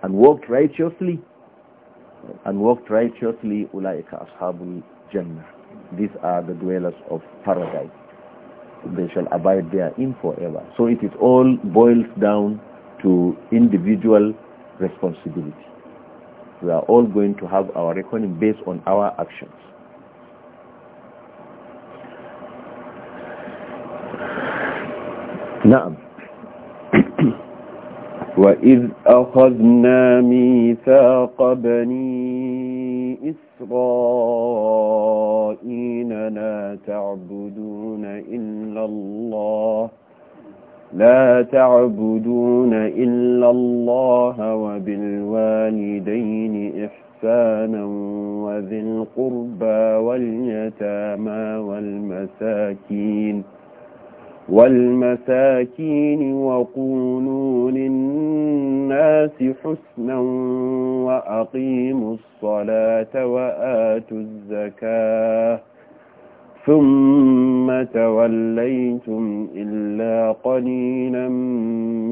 S2: and walked righteously and walked righteously أُولَٰئِكَ أَصْحَابُ الْجَنَّةِ these are the dwellers of paradise. They shall abide therein forever. So it is all boils down to individual responsibility. We are all going to have our reckoning based on our actions. نعم وإذ
S1: أخذنا ميثاق بني إسرائيل لا تعبدون إلا الله لا تعبدون إلا الله وبالوالدين إحسانا وذي القربى واليتامى والمساكين والمساكين وقولوا للناس حسنا وأقيموا الصلاة وآتوا الزكاة ثم توليتم إلا قليلا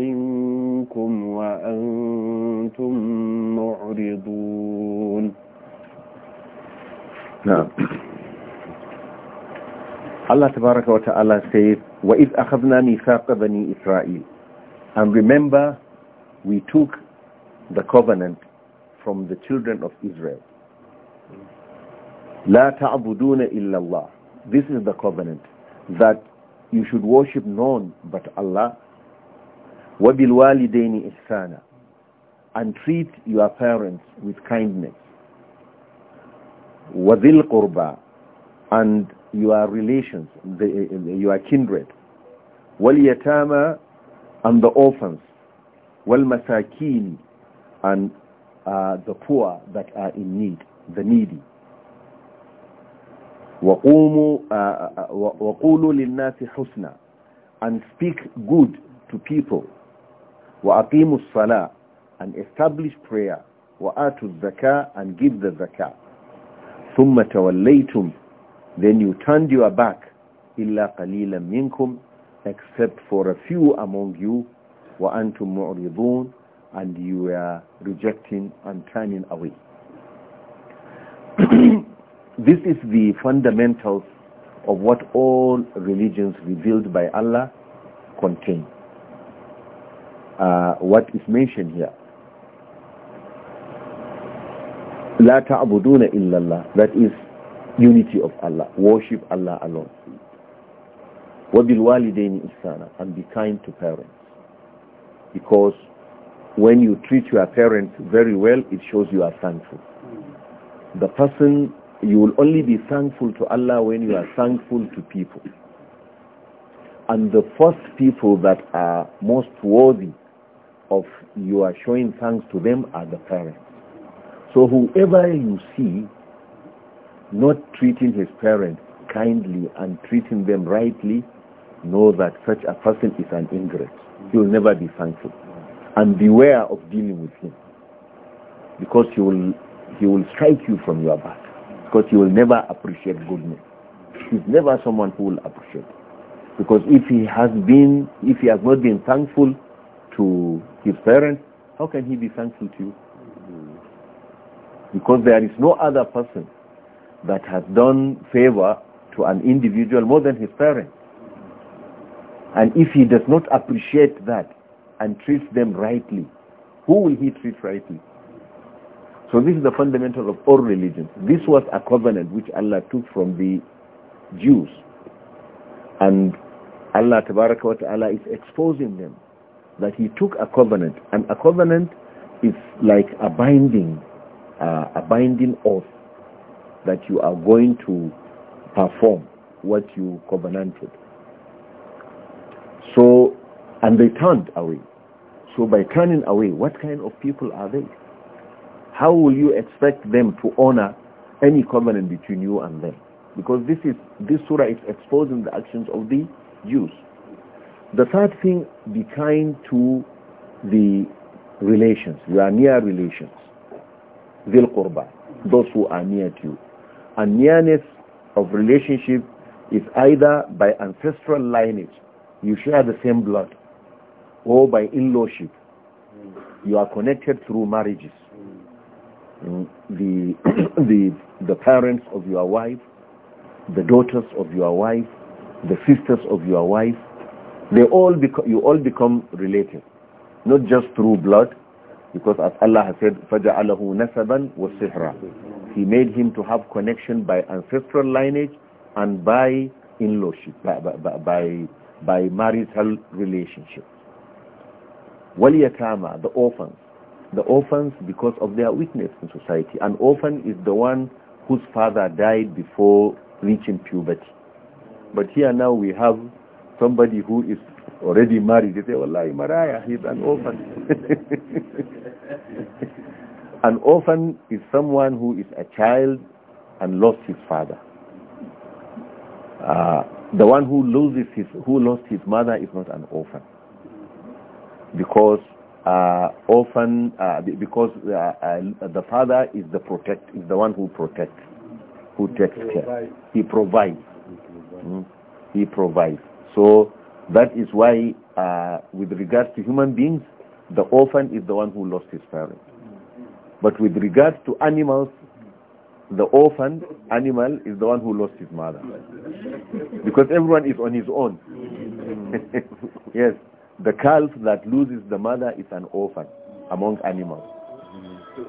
S1: منكم وأنتم معرضون
S2: نعم الله تبارك وتعالى سيد وَإِذْ أَخَذْنَا مِيثَاقَ بَنِي إِسْرَائِيلَ And remember, we took the covenant from the children of Israel. لَا تَعْبُدُونَ إِلَّا اللَّهِ This is the covenant, that you should worship none but Allah. وَبِالْوَالِدَيْنِ إِحْسَانًا And treat your parents with kindness. وَذِي الْقُرْبَى And your relations, the, your kindred. وَالْيَتَامَى and the orphans. وَالْمَسَاكِينِ and uh, the poor that are in need, the needy. Uh, uh, uh, وَقُولُوا لِلنَّاسِ حُسْنًا and speak good to people. وَأَقِيمُوا الصَّلَاةِ and establish prayer. وَآتُوا الزَّكَاءَ and give the zakah. ثُمَّ تَوَلَّيْتُمْ then you turned your back, إِلَّا قَلِيلًا مِنْكُمْ except for a few among you, antum mu'ridun, and you were rejecting and turning away. this is the fundamentals of what all religions revealed by Allah contain. Uh, what is mentioned here. La ta'buduna illa Allah. That is, unity of Allah, worship Allah alone. وَبِالْوَالِدَيْنِ إِحْسَانًا And be kind to parents. Because when you treat your parents very well, it shows you are thankful. The person, you will only be thankful to Allah when you are thankful to people. And the first people that are most worthy of you are showing thanks to them are the parents. So whoever you see not treating his parents kindly and treating them rightly, know that such a person is an ingrate. He will never be thankful. And beware of dealing with him. Because he will, he will strike you from your back. Because he will never appreciate goodness. He's never someone who will appreciate. Because if he has been, if he has not been thankful to his parents, how can he be thankful to you? Because there is no other person that has done favor to an individual more than his parents. And if he does not appreciate that and treats them rightly, who will he treat rightly? So this is the fundamental of all religions. This was a covenant which Allah took from the Jews. And Allah Ta'ala is exposing them that he took a covenant. And a covenant is like a binding, uh, a binding oath that you are going to perform what you covenanted. So, and they turned away. So by turning away, what kind of people are they? How will you expect them to honor any covenant between you and them? Because this is this surah is exposing the actions of the Jews. The third thing, be kind to the relations, your near relations, dhil qurba, those who are near to you. A nearness of relationship is either by ancestral lineage, you share the same blood, or by in-lawship, you are connected through marriages. Mm. The, the, the parents of your wife, the daughters of your wife, the sisters of your wife, they all you all become related, not just through blood, because as Allah has said, فَجَعَلَهُ نَسَبًا وَسِحْرًا he made him to have connection by ancestral lineage and by in-lawship, by, by, by, by marital relationship. Waliyatama, the orphans. The orphans because of their weakness in society. An orphan is the one whose father died before reaching puberty. But here now we have somebody who is already married. They say, Wallahi, Mariah, he's an orphan. An orphan is someone who is a child and lost his father. Uh, the one who loses his who lost his mother is not an orphan because uh, orphan uh, because uh, uh, the father is the protect is the one who protects who he takes provides. care he provides he provides. Mm? he provides so that is why uh, with regards to human beings the orphan is the one who lost his parents but with regard to animals, the orphan animal is the one who lost his mother. Because everyone is on his own. yes, the calf that loses the mother is an orphan among animals. So,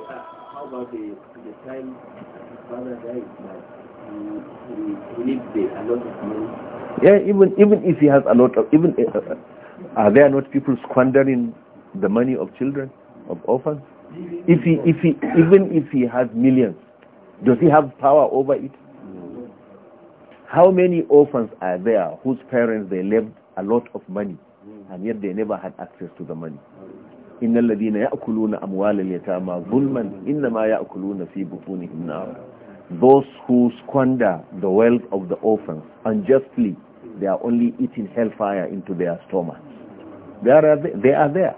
S2: how about the, the time his father dies, like, he, he a lot of money? Yeah, even, even if he has a lot of, even, uh, uh, are there not people squandering the money of children, of orphans? If he, if he, even if he has millions, does he have power over it? How many orphans are there whose parents they left a lot of money and yet they never had access to the money? إن الذين يأكلون أموال اليتامى ظلما إنما يأكلون في بطونهم Those who squander the wealth of the orphans unjustly, they are only eating hellfire into their stomachs. They are, they are there.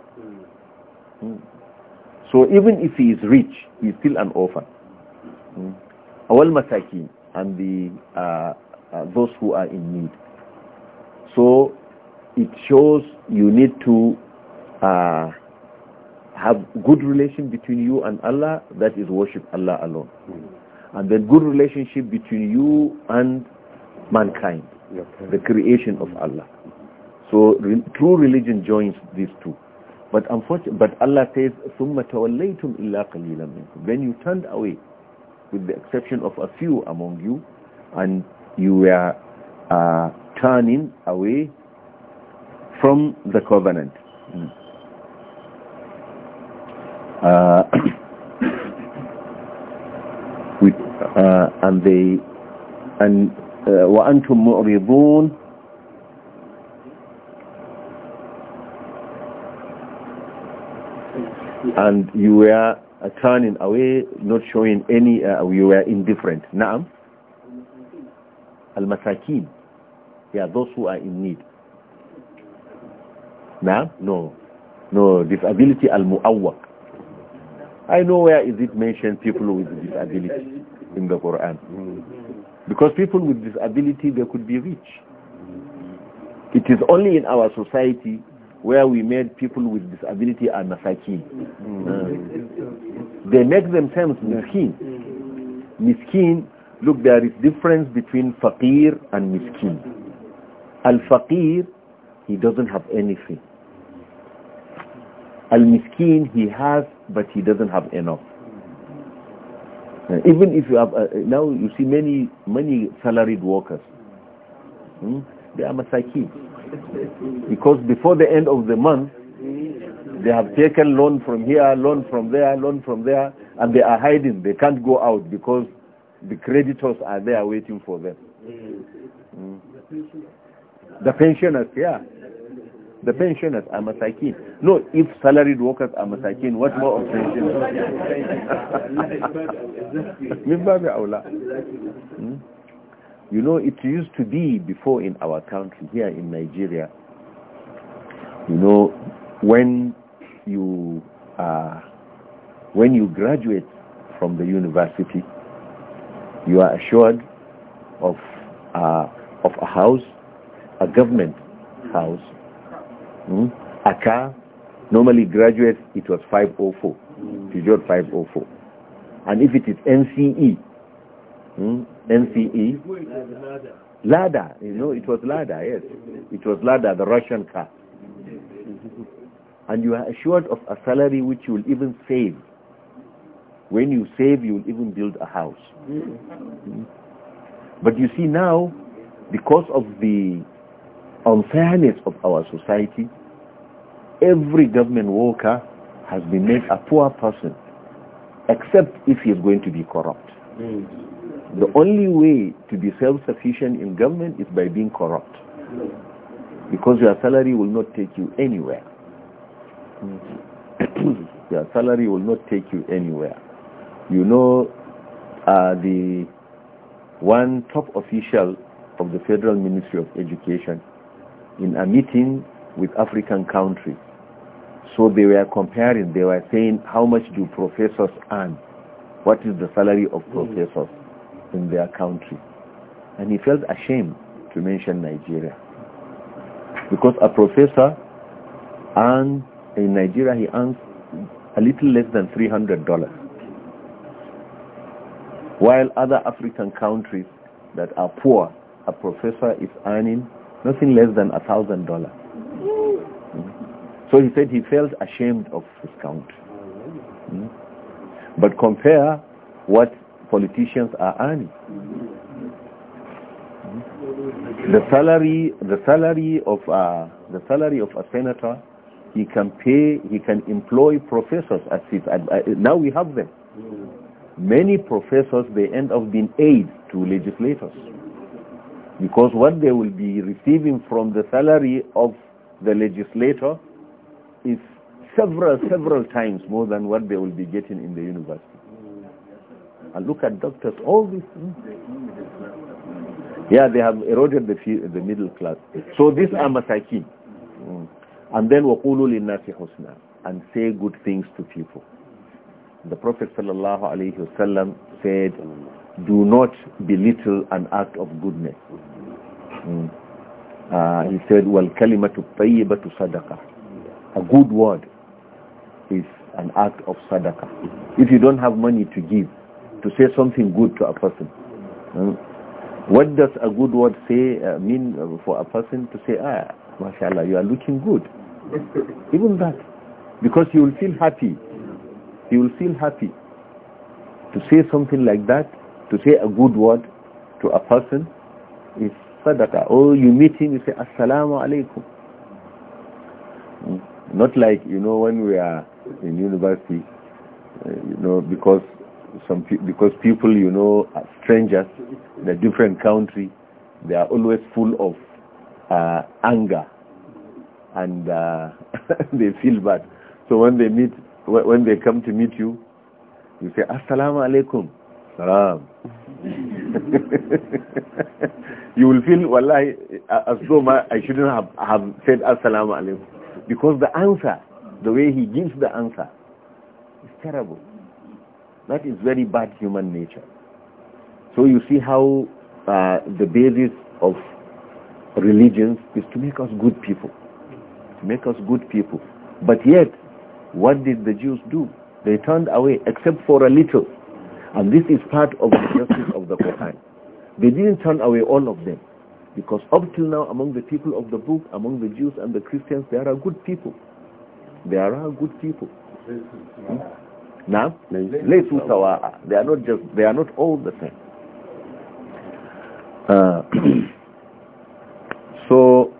S2: Hmm. So even if he is rich, he is still an orphan. Hmm? Awal masaki and the uh, uh, those who are in need. So it shows you need to uh, have good relation between you and Allah. That is worship Allah alone, hmm. and then good relationship between you and mankind, the creation of Allah. So re true religion joins these two. But unfortunately, but Allah says, ثُمَّ تَوَلَّيْتُمْ إِلَّا قَلِيلًا Then you turned away, with the exception of a few among you, and you were uh, turning away from the covenant. Mm. Uh, with, uh, and they and وأنتم uh, معرضون and you were uh, turning away, not showing any, uh, you were indifferent. Naam? Al-Masakin. Yeah, those who are in need. Naam? No. No, disability al muawwak I know where is it mentioned people with disability in the Quran. Because people with disability, they could be rich. It is only in our society where we made people with disability are masakin. Mm.
S3: Uh,
S2: they make themselves miskin. Miskin, look, there is difference between faqir and miskin. Al-faqir, he doesn't have anything. Al-miskin, he has, but he doesn't have enough. Uh, even if you have, uh, now you see many, many salaried workers. Hmm? They are masakin. Because before the end of the month, they have taken loan from here, loan from there, loan from there, and they are hiding. They can't go out because the creditors are there waiting for them. Mm. The pensioners, yeah. The pensioners are masakin. No, if salaried workers are masakin, what more of pensioners? You know, it used to be before in our country, here in Nigeria, you know, when you, uh, when you graduate from the university, you are assured of, uh, of a house, a government house, mm, a car. Normally graduates, it was 504, mm. 504. And if it is NCE, hmm, NCE? Lada. You know, it was Lada, yes. It was Lada, the Russian car. And you are assured of a salary which you will even save. When you save, you will even build a house. But you see now, because of the unfairness of our society, every government worker has been made a poor person, except if he is going to be corrupt. Mm. The only way to be self-sufficient in government is by being corrupt. Because your salary will not take you anywhere. your salary will not take you anywhere. You know, uh, the one top official of the Federal Ministry of Education in a meeting with African countries. So they were comparing, they were saying how much do professors earn? What is the salary of mm. professors? in their country. And he felt ashamed to mention Nigeria. Because a professor earned, in Nigeria, he earns a little less than $300. While other African countries that are poor, a professor is earning nothing less than $1,000. Hmm? So he said he felt ashamed of his country. Mm. But compare what politicians are earning. The salary, the salary of a, uh, the salary of a senator, he can pay, he can employ professors as his. Uh, now we have them. Many professors they end up being aides to legislators because what they will be receiving from the salary of the legislator is several, several times more than what they will be getting in the university and look at doctors, all these things. Yeah, they have eroded the, the middle class. So these are masakin. Mm. And then وَقُولُوا لِلنَّاسِ husna And say good things to people. The Prophet sallallahu alayhi wasallam said, do not belittle an act of goodness. Mm. Uh, he said, وَالْكَلِمَةُ الطَّيِّبَةُ صَدَقَةً A good word is an act of sadaqah. If you don't have money to give, to say something good to a person. Hmm? What does a good word say uh, mean uh, for a person to say, ah, mashallah, you are looking good. Even that. Because you will feel happy. You will feel happy. To say something like that, to say a good word to a person is sadaqah. Or you meet him, you say, assalamu alaikum. Hmm? Not like, you know, when we are in university, uh, you know, because some pe because people you know are strangers in a different country they are always full of uh, anger and uh, they feel bad so when they meet when they come to meet you you say assalamu alaikum salam you will feel wallahi as though my, i shouldn't have, have said assalamu alaikum because the answer the way he gives the answer is terrible that is very bad human nature. So you see how uh, the basis of religions is to make us good people. To make us good people. But yet, what did the Jews do? They turned away, except for a little. And this is part of the justice of the Quran. They didn't turn away all of them. Because up till now, among the people of the book, among the Jews and the Christians, there are good people. There are good people. Hmm? Now, laysu sawa. They are not just. They are not all the same. Uh, so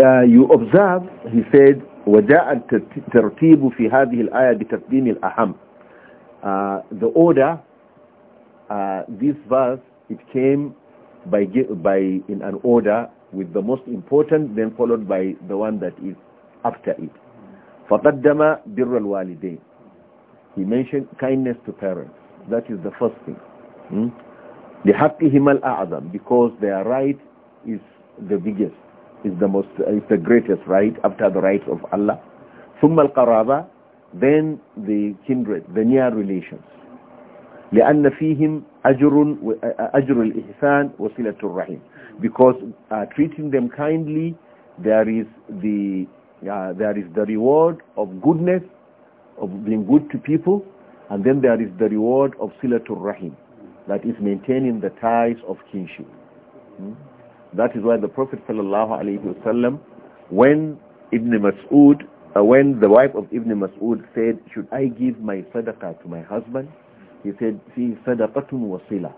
S2: uh, you observe, he said, وجاء الترتيب في هذه الآية بتقديم الأهم. Uh, the order, uh, this verse, it came by by in an order with the most important then followed by the one that is after it فقدم بر الوالدين he mentioned kindness to parents that is the first thing hmm? لحقهما الأعظم because their right is the biggest is the most is the greatest right after the rights of Allah ثم Karaba, then the kindred the near relations لأن فيهم أجر أجر الإحسان وصلة الرحم because uh, treating them kindly there is the uh, there is the reward of goodness of being good to people and then there is the reward of silatul rahim that is maintaining the ties of kinship hmm? that is why the prophet sallallahu alaihi wasallam when ibn mas'ud uh, when the wife of ibn mas'ud said should i give my sadaqah to my husband he said, فِي صَدَقَةٌ wasila.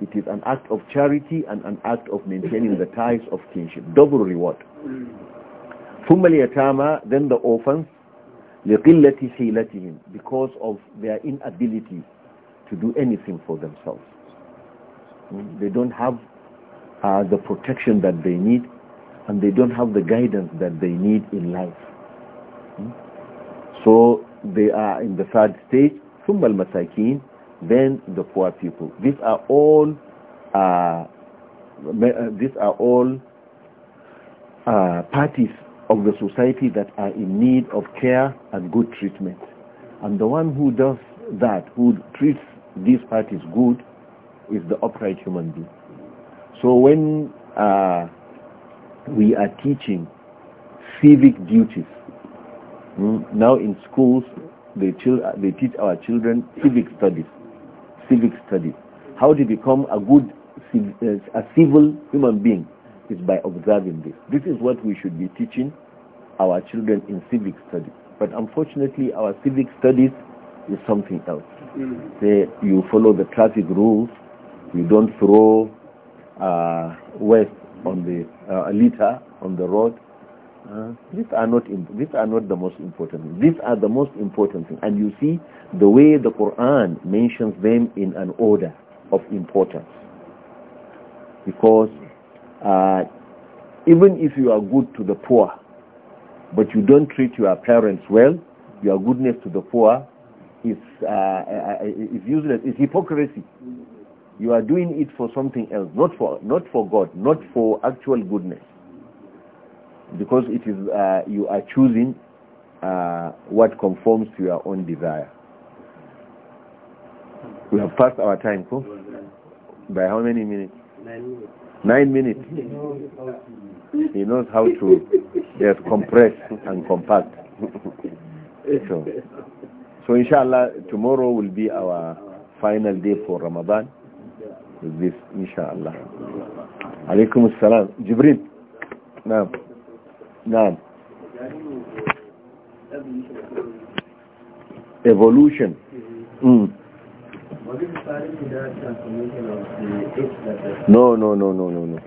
S2: It is an act of charity and an act of maintaining the ties of kinship. Double reward. ثُمَّ الْيَتَامَى Then the orphans, لِقِلَّةِ حِيلَتِهِمْ Because of their inability to do anything for themselves. Hmm? They don't have uh, the protection that they need and they don't have the guidance that they need in life. Hmm? So they are in the third stage, ثم المساكين then the poor people. These are all uh, uh, these are all uh, parties of the society that are in need of care and good treatment. And the one who does that, who treats these parties good, is the upright human being. So when uh, we are teaching civic duties, mm, now in schools they, they teach our children civic studies civic study. How to become a good, uh, a civil human being is by observing this. This is what we should be teaching our children in civic studies. But unfortunately, our civic studies is something else. Mm. Say you follow the traffic rules, you don't throw uh, waste on the uh, litter on the road, uh, these are not these are not the most important things. These are the most important things. And you see the way the Quran mentions them in an order of importance. Because uh, even if you are good to the poor, but you don't treat your parents well, your goodness to the poor is uh, uh is useless. It's hypocrisy. You are doing it for something else, not for not for God, not for actual goodness because it is uh, you are choosing uh, what conforms to your own desire. We have passed our time, cool? By how many minutes? Nine minutes. He knows how to yes, compress and compact. so, so inshallah, tomorrow will be our final day for Ramadan. With this, inshallah. Alaikum assalam. Jibril. Now na'am evolution mm. no no no no no no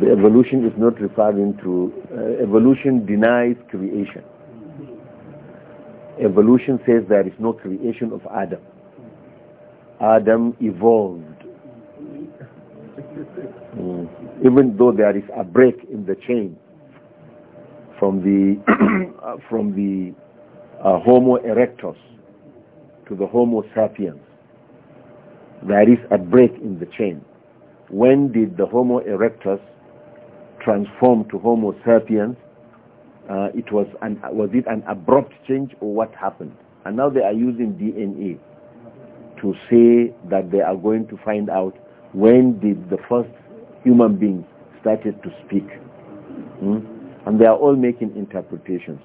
S2: the evolution is not referring to uh, evolution denies creation evolution says there is no creation of adam adam evolved mm. even though there is a break in the chain from the uh, from the uh, Homo erectus to the Homo sapiens. There is a break in the chain. When did the Homo erectus transform to Homo sapiens? Uh, it was an was it an abrupt change or what happened? And now they are using DNA to say that they are going to find out when did the first human beings started to speak. Hmm? and they are all making interpretations.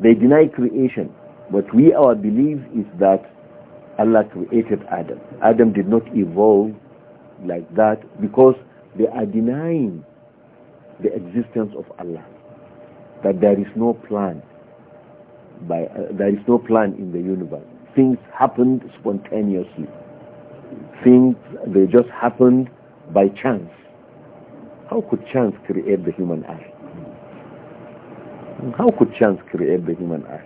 S2: They deny creation, but we, our belief is that Allah created Adam. Adam did not evolve like that because they are denying the existence of Allah, that there is no plan. By, uh, there is no plan in the universe. Things happened spontaneously. Things, they just happened by chance. How could chance create the human eye? How could chance create the human eye?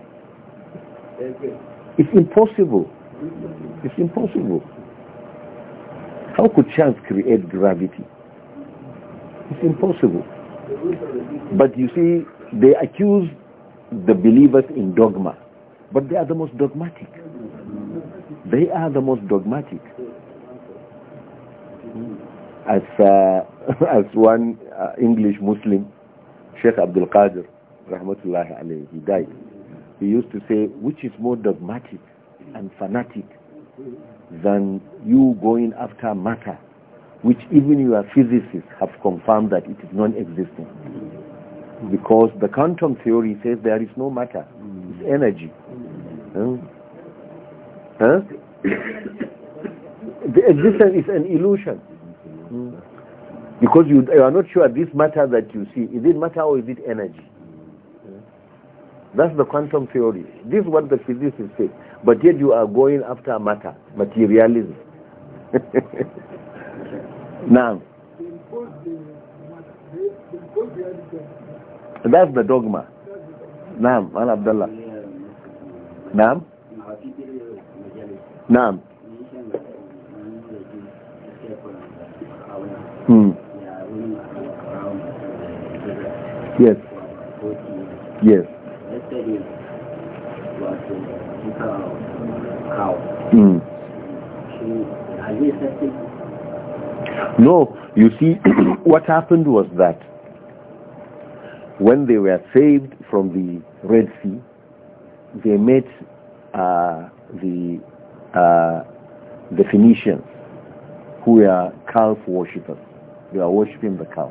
S2: It's impossible. It's impossible. How could chance create gravity? It's impossible. But you see, they accuse the believers in dogma, but they are the most dogmatic. They are the most dogmatic. As uh, as one uh, English Muslim, Sheikh Abdul Qadir, rahmatullahi alayhi, he died. He used to say, which is more dogmatic and fanatic than you going after matter, which even your physicists have confirmed that it is non-existent. Because the quantum theory says there is no matter, it's energy. Huh? Huh? the existence is an illusion. Hmm? Because you, you are not sure this matter that you see, is it matter or is it energy? That's the quantum theory. This is what the physicists say. But yet you are going after matter, materialism. now, that's the dogma. Naam, Al Abdullah. Naam. Naam. Hmm. Yes. Yes. Hmm. No, you see, what happened was that when they were saved from the Red Sea, they met uh, the uh, the Phoenicians, who were calf worshippers. They were worshipping the calf.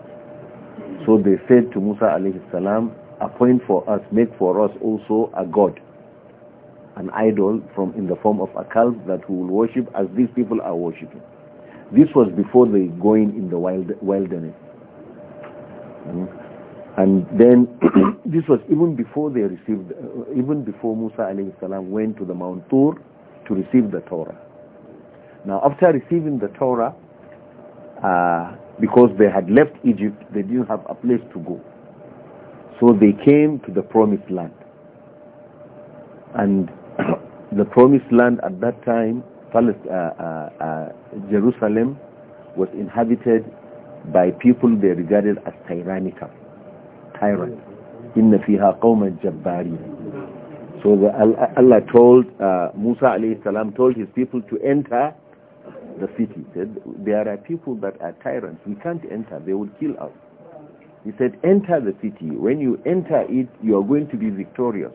S2: So they said to Musa alayhi salam, appoint for us, make for us also a god an idol from in the form of a calf that we will worship as these people are worshiping. This was before the going in the wild, wilderness. Hmm? And then this was even before they received, uh, even before Musa alayhi salam went to the Mount Tur to receive the Torah. Now after receiving the Torah, uh, because they had left Egypt, they didn't have a place to go. So they came to the promised land. And the promised land at that time, uh, uh, uh, Jerusalem, was inhabited by people they regarded as tyrannical, tyrant. Inna fiha qawman jabbari. So the, Allah told, uh, Musa alayhi salam told his people to enter the city. He said, there are people that are tyrants. We can't enter. They will kill us. He said, enter the city. When you enter it, you are going to be victorious.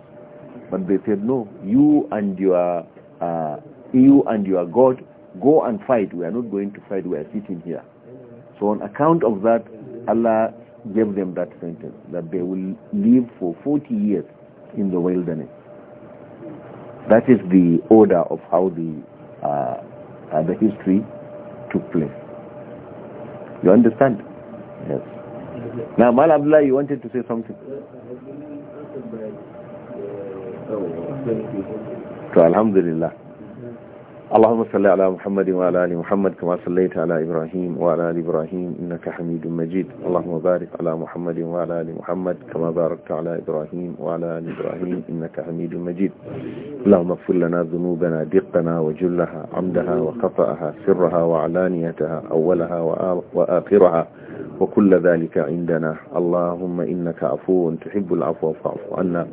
S2: But they said, no, you and your, uh, you and your God, go and fight. We are not going to fight. We are sitting here. So on account of that, Allah gave them that sentence, that they will live for 40 years in the wilderness. That is the order of how the, uh, uh, the history took place. You understand? Yes. Now, Malabla, you wanted to say something. الحمد لله اللهم صل على محمد وعلى آل محمد كما صليت على إبراهيم وعلى آل إبراهيم إنك حميد مجيد اللهم بارك على محمد وعلى آل محمد كما باركت على إبراهيم وعلى آل إبراهيم إنك حميد مجيد اللهم اغفر لنا ذنوبنا دقنا وجلها عمدها وخطأها سرها وعلانيتها أولها وآخرها وكل ذلك عندنا اللهم إنك عفو تحب العفو فاعف عنا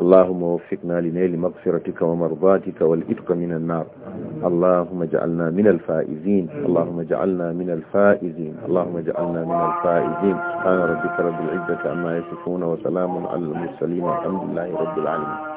S2: اللهم وفقنا لنيل مغفرتك ومرضاتك والإتق من النار اللهم اجعلنا من الفائزين اللهم اجعلنا من الفائزين اللهم اجعلنا من الفائزين سبحان ربك رب العزة عما يصفون وسلام على المرسلين والحمد لله رب العالمين